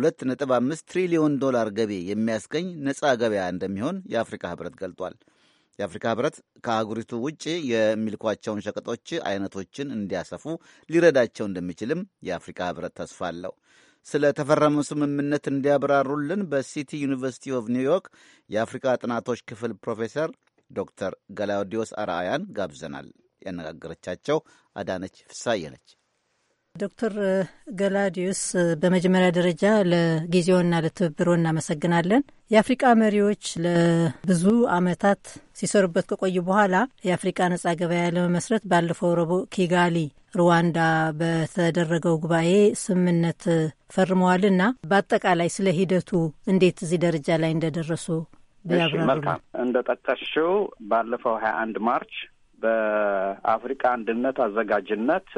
2.5 ትሪሊዮን ዶላር ገቢ የሚያስገኝ ነፃ ገበያ እንደሚሆን የአፍሪካ ህብረት ገልጧል። የአፍሪካ ህብረት ከአህጉሪቱ ውጭ የሚልኳቸውን ሸቀጦች አይነቶችን እንዲያሰፉ ሊረዳቸው እንደሚችልም የአፍሪካ ህብረት ተስፋ አለው። ስለ ተፈረመው ስምምነት እንዲያብራሩልን በሲቲ ዩኒቨርሲቲ ኦፍ ኒውዮርክ የአፍሪካ ጥናቶች ክፍል ፕሮፌሰር ዶክተር ገላውዲዮስ አርአያን ጋብዘናል። ያነጋገረቻቸው አዳነች ፍሳዬ ነች። ዶክተር ገላዲዮስ በመጀመሪያ ደረጃ ለጊዜውና ለትብብሮ እናመሰግናለን። የአፍሪቃ መሪዎች ለብዙ አመታት ሲሰሩበት ከቆዩ በኋላ የአፍሪቃ ነጻ ገበያ ለመመስረት ባለፈው ረቡዕ ኪጋሊ ሩዋንዳ በተደረገው ጉባኤ ስምምነት ፈርመዋልና በአጠቃላይ ስለ ሂደቱ እንዴት እዚህ ደረጃ ላይ እንደደረሱ ቢያብራሩ። እንደ እንደጠቀሽው ባለፈው ሀያ አንድ ማርች በአፍሪቃ አንድነት አዘጋጅነት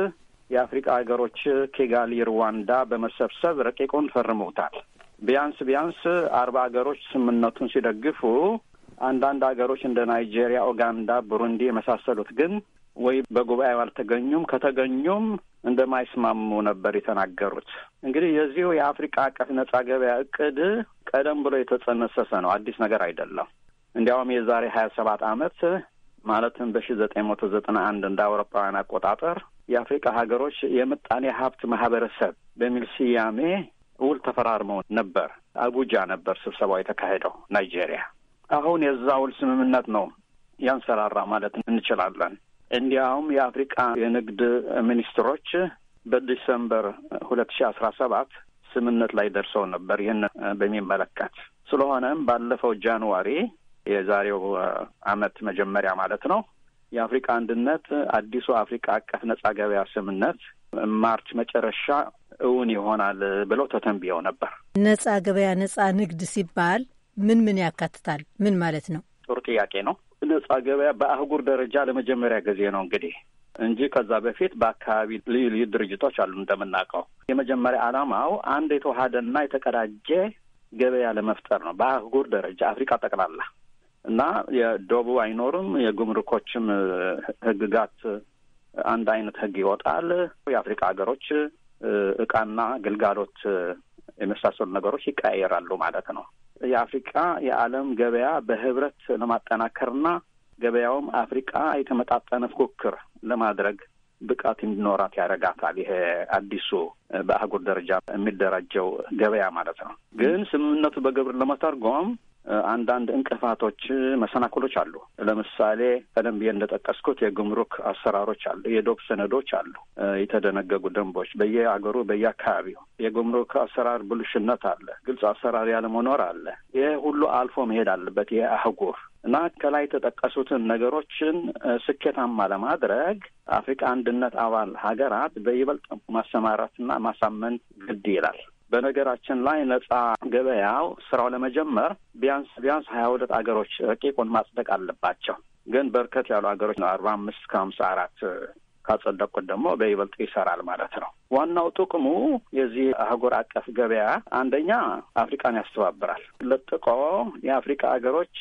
የአፍሪቃ ሀገሮች ኬጋሊ ሩዋንዳ በመሰብሰብ ረቂቁን ፈርመውታል። ቢያንስ ቢያንስ አርባ ሀገሮች ስምምነቱን ሲደግፉ አንዳንድ ሀገሮች እንደ ናይጄሪያ፣ ኡጋንዳ፣ ቡሩንዲ የመሳሰሉት ግን ወይ በጉባኤው አልተገኙም፣ ከተገኙም እንደማይስማሙ ነበር የተናገሩት። እንግዲህ የዚሁ የአፍሪቃ አቀፍ ነጻ ገበያ እቅድ ቀደም ብሎ የተጸነሰሰ ነው፣ አዲስ ነገር አይደለም። እንዲያውም የዛሬ ሀያ ሰባት ዓመት ማለትም በሺ ዘጠኝ መቶ ዘጠና አንድ እንደ አውሮፓውያን አቆጣጠር የአፍሪቃ ሀገሮች የምጣኔ ሀብት ማህበረሰብ በሚል ስያሜ ውል ተፈራርመው ነበር። አቡጃ ነበር ስብሰባው የተካሄደው ናይጄሪያ። አሁን የዛ ውል ስምምነት ነው ያንሰራራ ማለት እንችላለን። እንዲያውም የአፍሪቃ የንግድ ሚኒስትሮች በዲሰምበር ሁለት ሺ አስራ ሰባት ስምምነት ላይ ደርሰው ነበር ይህን በሚመለከት። ስለሆነም ባለፈው ጃንዋሪ የዛሬው አመት መጀመሪያ ማለት ነው። የአፍሪካ አንድነት አዲሱ አፍሪካ አቀፍ ነጻ ገበያ ስምነት ማርች መጨረሻ እውን ይሆናል ብለው ተተንብየው ነበር። ነጻ ገበያ ነጻ ንግድ ሲባል ምን ምን ያካትታል? ምን ማለት ነው? ጥሩ ጥያቄ ነው። ነጻ ገበያ በአህጉር ደረጃ ለመጀመሪያ ጊዜ ነው እንግዲህ እንጂ ከዛ በፊት በአካባቢ ልዩ ልዩ ድርጅቶች አሉ እንደምናውቀው። የመጀመሪያ ዓላማው አንድ የተዋሃደና የተቀዳጀ ገበያ ለመፍጠር ነው። በአህጉር ደረጃ አፍሪካ ጠቅላላ እና የዶቡ አይኖርም። የጉምሩኮችም ህግጋት አንድ አይነት ህግ ይወጣል። የአፍሪካ ሀገሮች እቃና ግልጋሎት የመሳሰሉ ነገሮች ይቀያየራሉ ማለት ነው። የአፍሪቃ የዓለም ገበያ በህብረት ለማጠናከርና ገበያውም አፍሪቃ የተመጣጠነ ፉክክር ለማድረግ ብቃት እንዲኖራት ያደርጋታል። ይሄ አዲሱ በአህጉር ደረጃ የሚደራጀው ገበያ ማለት ነው። ግን ስምምነቱ በግብር ለመተርጎም አንዳንድ እንቅፋቶች፣ መሰናክሎች አሉ። ለምሳሌ ቀደም ብዬ እንደጠቀስኩት የጉምሩክ አሰራሮች አሉ፣ የዶብ ሰነዶች አሉ፣ የተደነገጉ ደንቦች በየአገሩ በየአካባቢው የጉምሩክ አሰራር ብልሽነት አለ፣ ግልጽ አሰራር ያለመኖር አለ። ይሄ ሁሉ አልፎ መሄድ አለበት ይሄ አህጉር እና ከላይ የተጠቀሱትን ነገሮችን ስኬታማ ለማድረግ አፍሪካ አንድነት አባል ሀገራት በይበልጥ ማሰማራትና ማሳመን ግድ ይላል። በነገራችን ላይ ነጻ ገበያው ስራው ለመጀመር ቢያንስ ቢያንስ ሀያ ሁለት አገሮች ረቂቁን ማጽደቅ አለባቸው። ግን በርከት ያሉ ሀገሮች ነው አርባ አምስት ከሀምሳ አራት ካጸደቁት ደግሞ በይበልጥ ይሰራል ማለት ነው። ዋናው ጥቅሙ የዚህ አህጉር አቀፍ ገበያ አንደኛ አፍሪካን ያስተባብራል። ለጥቆ የአፍሪካ ሀገሮች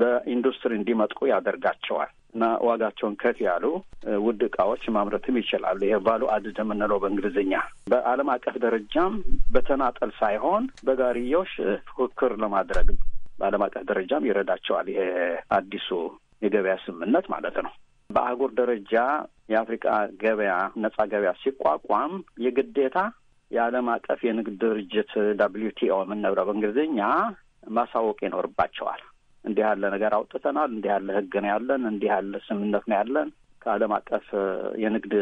በኢንዱስትሪ እንዲመጥቁ ያደርጋቸዋል እና ዋጋቸውን ከፍ ያሉ ውድ እቃዎች ማምረትም ይችላሉ። ይሄ ቫሉ አድ የምንለው በእንግሊዝኛ። በዓለም አቀፍ ደረጃም በተናጠል ሳይሆን በጋርዮሽ ፉክክር ለማድረግ በዓለም አቀፍ ደረጃም ይረዳቸዋል። ይሄ አዲሱ የገበያ ስምምነት ማለት ነው። በአህጉር ደረጃ የአፍሪቃ ገበያ ነጻ ገበያ ሲቋቋም የግዴታ የዓለም አቀፍ የንግድ ድርጅት ዳብሊው ቲኦ የምንብረው በእንግሊዝኛ ማሳወቅ ይኖርባቸዋል። እንዲህ ያለ ነገር አውጥተናል፣ እንዲህ ያለ ህግ ነው ያለን፣ እንዲህ ያለ ስምምነት ነው ያለን ከዓለም አቀፍ የንግድ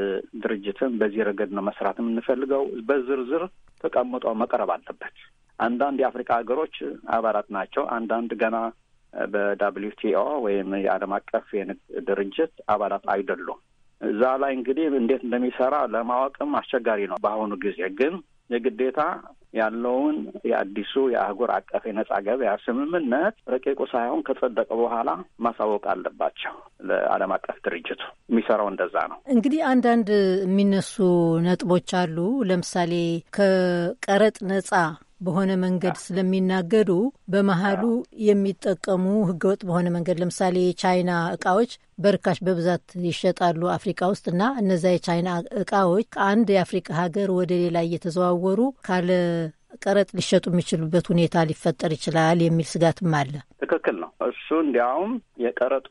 ድርጅትን በዚህ ረገድ ነው መስራት የምንፈልገው። በዝርዝር ተቀምጦ መቅረብ አለበት። አንዳንድ የአፍሪካ ሀገሮች አባላት ናቸው። አንዳንድ ገና በዳብሊው ቲኦ ወይም የዓለም አቀፍ የንግድ ድርጅት አባላት አይደሉም። እዛ ላይ እንግዲህ እንዴት እንደሚሰራ ለማወቅም አስቸጋሪ ነው። በአሁኑ ጊዜ ግን የግዴታ ያለውን የአዲሱ የአህጉር አቀፍ የነጻ ገበያ ስምምነት ረቂቁ ሳይሆን ከጸደቀ በኋላ ማሳወቅ አለባቸው ለዓለም አቀፍ ድርጅቱ። የሚሰራው እንደዛ ነው። እንግዲህ አንዳንድ የሚነሱ ነጥቦች አሉ። ለምሳሌ ከቀረጥ ነጻ በሆነ መንገድ ስለሚናገዱ በመሀሉ የሚጠቀሙ ህገወጥ በሆነ መንገድ ለምሳሌ የቻይና እቃዎች በርካሽ በብዛት ይሸጣሉ አፍሪካ ውስጥ እና እነዛ የቻይና እቃዎች ከአንድ የአፍሪካ ሀገር ወደ ሌላ እየተዘዋወሩ ካለ ቀረጥ ሊሸጡ የሚችሉበት ሁኔታ ሊፈጠር ይችላል የሚል ስጋትም አለ። ትክክል ነው። እሱ እንዲያውም የቀረጡ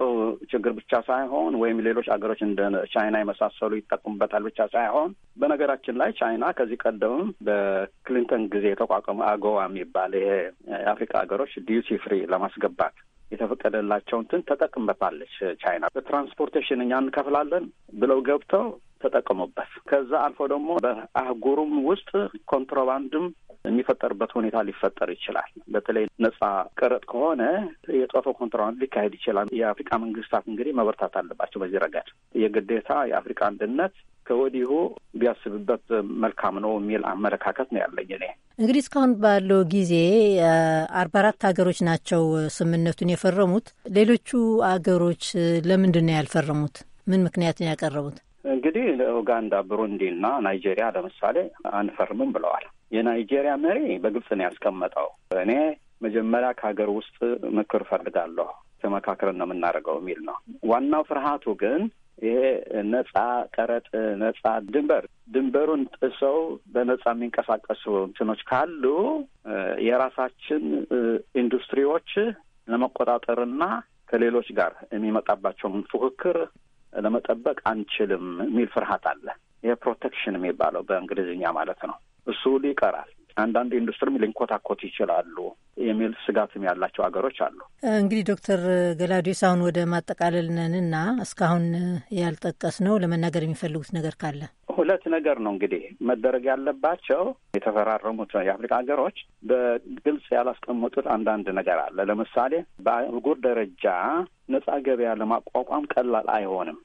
ችግር ብቻ ሳይሆን ወይም ሌሎች አገሮች እንደ ቻይና የመሳሰሉ ይጠቁሙበታል ብቻ ሳይሆን፣ በነገራችን ላይ ቻይና ከዚህ ቀደምም በክሊንተን ጊዜ የተቋቋመ አጎዋ የሚባል ይሄ የአፍሪካ ሀገሮች ዲዩቲ ፍሪ ለማስገባት የተፈቀደላቸው ትን ተጠቅምበታለች። ቻይና በትራንስፖርቴሽን እኛ እንከፍላለን ብለው ገብተው ተጠቀሙበት። ከዛ አልፎ ደግሞ በአህጉሩም ውስጥ ኮንትሮባንድም የሚፈጠርበት ሁኔታ ሊፈጠር ይችላል። በተለይ ነጻ ቀረጥ ከሆነ የጦፈ ኮንትራባንድ ሊካሄድ ይችላል። የአፍሪካ መንግስታት እንግዲህ መበርታት አለባቸው። በዚህ ረገድ የግዴታ የአፍሪካ አንድነት ከወዲሁ ቢያስብበት መልካም ነው የሚል አመለካከት ነው ያለኝ። እኔ እንግዲህ እስካሁን ባለው ጊዜ አርባ አራት ሀገሮች ናቸው ስምምነቱን የፈረሙት። ሌሎቹ አገሮች ለምንድን ነው ያልፈረሙት? ምን ምክንያት ነው ያቀረቡት? እንግዲህ ኡጋንዳ፣ ብሩንዲ እና ናይጄሪያ ለምሳሌ አንፈርምም ብለዋል። የናይጄሪያ መሪ በግልጽ ነው ያስቀመጠው። እኔ መጀመሪያ ከሀገር ውስጥ ምክር ፈልጋለሁ፣ ተመካክረን ነው የምናደርገው የሚል ነው። ዋናው ፍርሃቱ ግን ይሄ ነጻ ቀረጥ፣ ነጻ ድንበር፣ ድንበሩን ጥሰው በነጻ የሚንቀሳቀሱ እንትኖች ካሉ የራሳችን ኢንዱስትሪዎች ለመቆጣጠርና ከሌሎች ጋር የሚመጣባቸውን ፉክክር ለመጠበቅ አንችልም የሚል ፍርሃት አለ። ይሄ ፕሮቴክሽን የሚባለው በእንግሊዝኛ ማለት ነው። እሱ ይቀራል። አንዳንድ ኢንዱስትሪም ሊንኮታኮት ይችላሉ የሚል ስጋትም ያላቸው ሀገሮች አሉ። እንግዲህ ዶክተር ገላዲዮስ አሁን ወደ ማጠቃለል ነን እና እስካሁን ያልጠቀስ ነው ለመናገር የሚፈልጉት ነገር ካለ ሁለት ነገር ነው እንግዲህ መደረግ ያለባቸው። የተፈራረሙት የአፍሪካ ሀገሮች በግልጽ ያላስቀመጡት አንዳንድ ነገር አለ። ለምሳሌ በአህጉር ደረጃ ነጻ ገበያ ለማቋቋም ቀላል አይሆንም።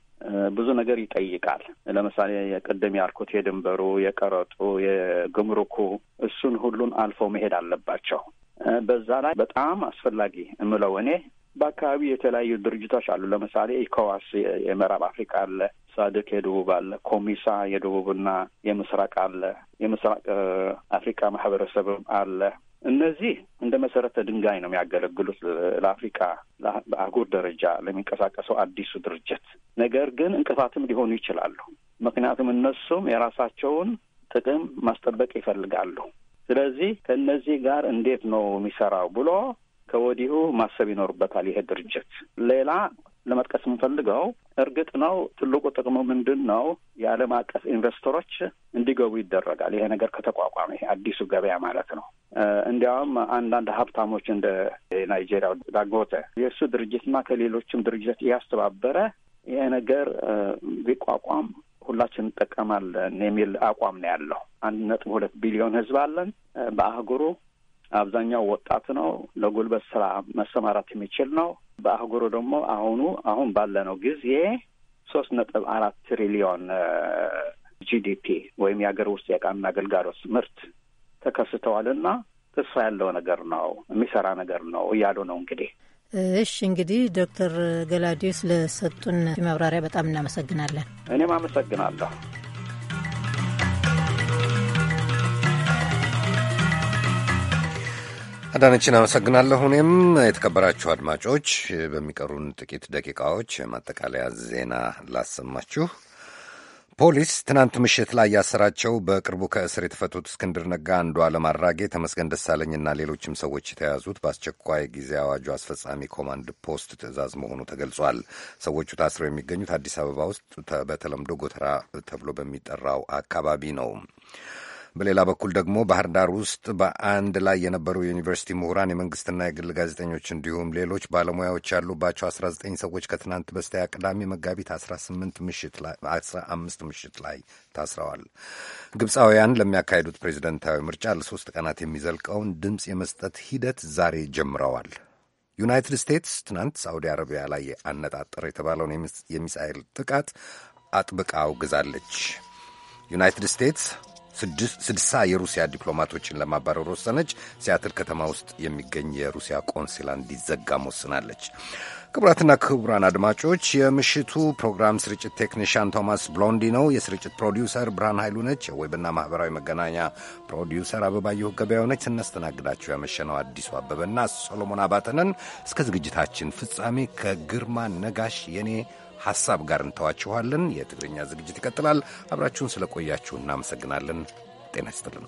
ብዙ ነገር ይጠይቃል። ለምሳሌ የቅድም ያልኩት የድንበሩ፣ የቀረጡ፣ የግምርኩ እሱን ሁሉን አልፎ መሄድ አለባቸው። በዛ ላይ በጣም አስፈላጊ የምለው እኔ በአካባቢ የተለያዩ ድርጅቶች አሉ። ለምሳሌ ኢኮዋስ የምዕራብ አፍሪካ አለ፣ ሳድክ የደቡብ አለ፣ ኮሚሳ የደቡብና የምስራቅ አለ፣ የምስራቅ አፍሪካ ማህበረሰብም አለ። እነዚህ እንደ መሰረተ ድንጋይ ነው የሚያገለግሉት ለአፍሪካ በአህጉር ደረጃ ለሚንቀሳቀሰው አዲሱ ድርጅት። ነገር ግን እንቅፋትም ሊሆኑ ይችላሉ። ምክንያቱም እነሱም የራሳቸውን ጥቅም ማስጠበቅ ይፈልጋሉ። ስለዚህ ከእነዚህ ጋር እንዴት ነው የሚሰራው ብሎ ከወዲሁ ማሰብ ይኖርበታል ይሄ ድርጅት። ሌላ ለመጥቀስ የምንፈልገው እርግጥ ነው ትልቁ ጥቅሙ ምንድን ነው? የዓለም አቀፍ ኢንቨስተሮች እንዲገቡ ይደረጋል። ይሄ ነገር ከተቋቋመ ይሄ አዲሱ ገበያ ማለት ነው። እንዲያውም አንዳንድ ሀብታሞች እንደ ናይጄሪያው ዳጎተ የእሱ ድርጅትና ከሌሎችም ድርጅት እያስተባበረ ይሄ ነገር ቢቋቋም ሁላችን እንጠቀማለን የሚል አቋም ነው ያለው። አንድ ነጥብ ሁለት ቢሊዮን ህዝብ አለን በአህጉሩ አብዛኛው ወጣት ነው። ለጉልበት ስራ መሰማራት የሚችል ነው። በአህጉሩ ደግሞ አሁኑ አሁን ባለነው ጊዜ ሶስት ነጥብ አራት ትሪሊዮን ጂዲፒ ወይም የሀገር ውስጥ የቃና አገልግሎት ምርት ተከስተዋልና ተስፋ ያለው ነገር ነው፣ የሚሰራ ነገር ነው እያሉ ነው እንግዲህ። እሺ እንግዲህ ዶክተር ገላዲዮስ ለሰጡን ማብራሪያ በጣም እናመሰግናለን። እኔም አመሰግናለሁ። አዳነችን አመሰግናለሁ። እኔም የተከበራችሁ አድማጮች በሚቀሩን ጥቂት ደቂቃዎች ማጠቃለያ ዜና ላሰማችሁ። ፖሊስ ትናንት ምሽት ላይ ያሰራቸው በቅርቡ ከእስር የተፈቱት እስክንድር ነጋ፣ አንዱዓለም አራጌ፣ ተመስገን ደሳለኝና ሌሎችም ሰዎች የተያዙት በአስቸኳይ ጊዜ አዋጁ አስፈጻሚ ኮማንድ ፖስት ትዕዛዝ መሆኑ ተገልጿል። ሰዎቹ ታስረው የሚገኙት አዲስ አበባ ውስጥ በተለምዶ ጎተራ ተብሎ በሚጠራው አካባቢ ነው። በሌላ በኩል ደግሞ ባህር ዳር ውስጥ በአንድ ላይ የነበሩ የዩኒቨርሲቲ ምሁራን፣ የመንግስትና የግል ጋዜጠኞች እንዲሁም ሌሎች ባለሙያዎች ያሉባቸው 19 ሰዎች ከትናንት በስቲያ ቅዳሜ መጋቢት 18 ምሽት ላይ 15 ምሽት ላይ ታስረዋል። ግብፃውያን ለሚያካሂዱት ፕሬዚደንታዊ ምርጫ ለሶስት ቀናት የሚዘልቀውን ድምፅ የመስጠት ሂደት ዛሬ ጀምረዋል። ዩናይትድ ስቴትስ ትናንት ሳዑዲ አረቢያ ላይ አነጣጠር የተባለውን የሚሳኤል ጥቃት አጥብቃ አውግዛለች። ዩናይትድ ስቴትስ ስድሳ የሩሲያ ዲፕሎማቶችን ለማባረር ወሰነች። ሲያትል ከተማ ውስጥ የሚገኝ የሩሲያ ቆንስላ እንዲዘጋም ወስናለች። ክቡራትና ክቡራን አድማጮች የምሽቱ ፕሮግራም ስርጭት ቴክኒሽያን ቶማስ ብሎንዲ ነው። የስርጭት ፕሮዲውሰር ብርሃን ኃይሉ ነች። የዌብና ማህበራዊ መገናኛ ፕሮዲውሰር አበባየሁ ገበያው ነች። ስናስተናግዳችሁ ያመሸነው አዲሱ አበበና ሶሎሞን አባተነን። እስከ ዝግጅታችን ፍጻሜ ከግርማ ነጋሽ የኔ ሐሳብ ጋር እንተዋችኋለን። የትግርኛ ዝግጅት ይቀጥላል። አብራችሁን ቆያችሁ እናመሰግናለን። ጤና ይስጥልን።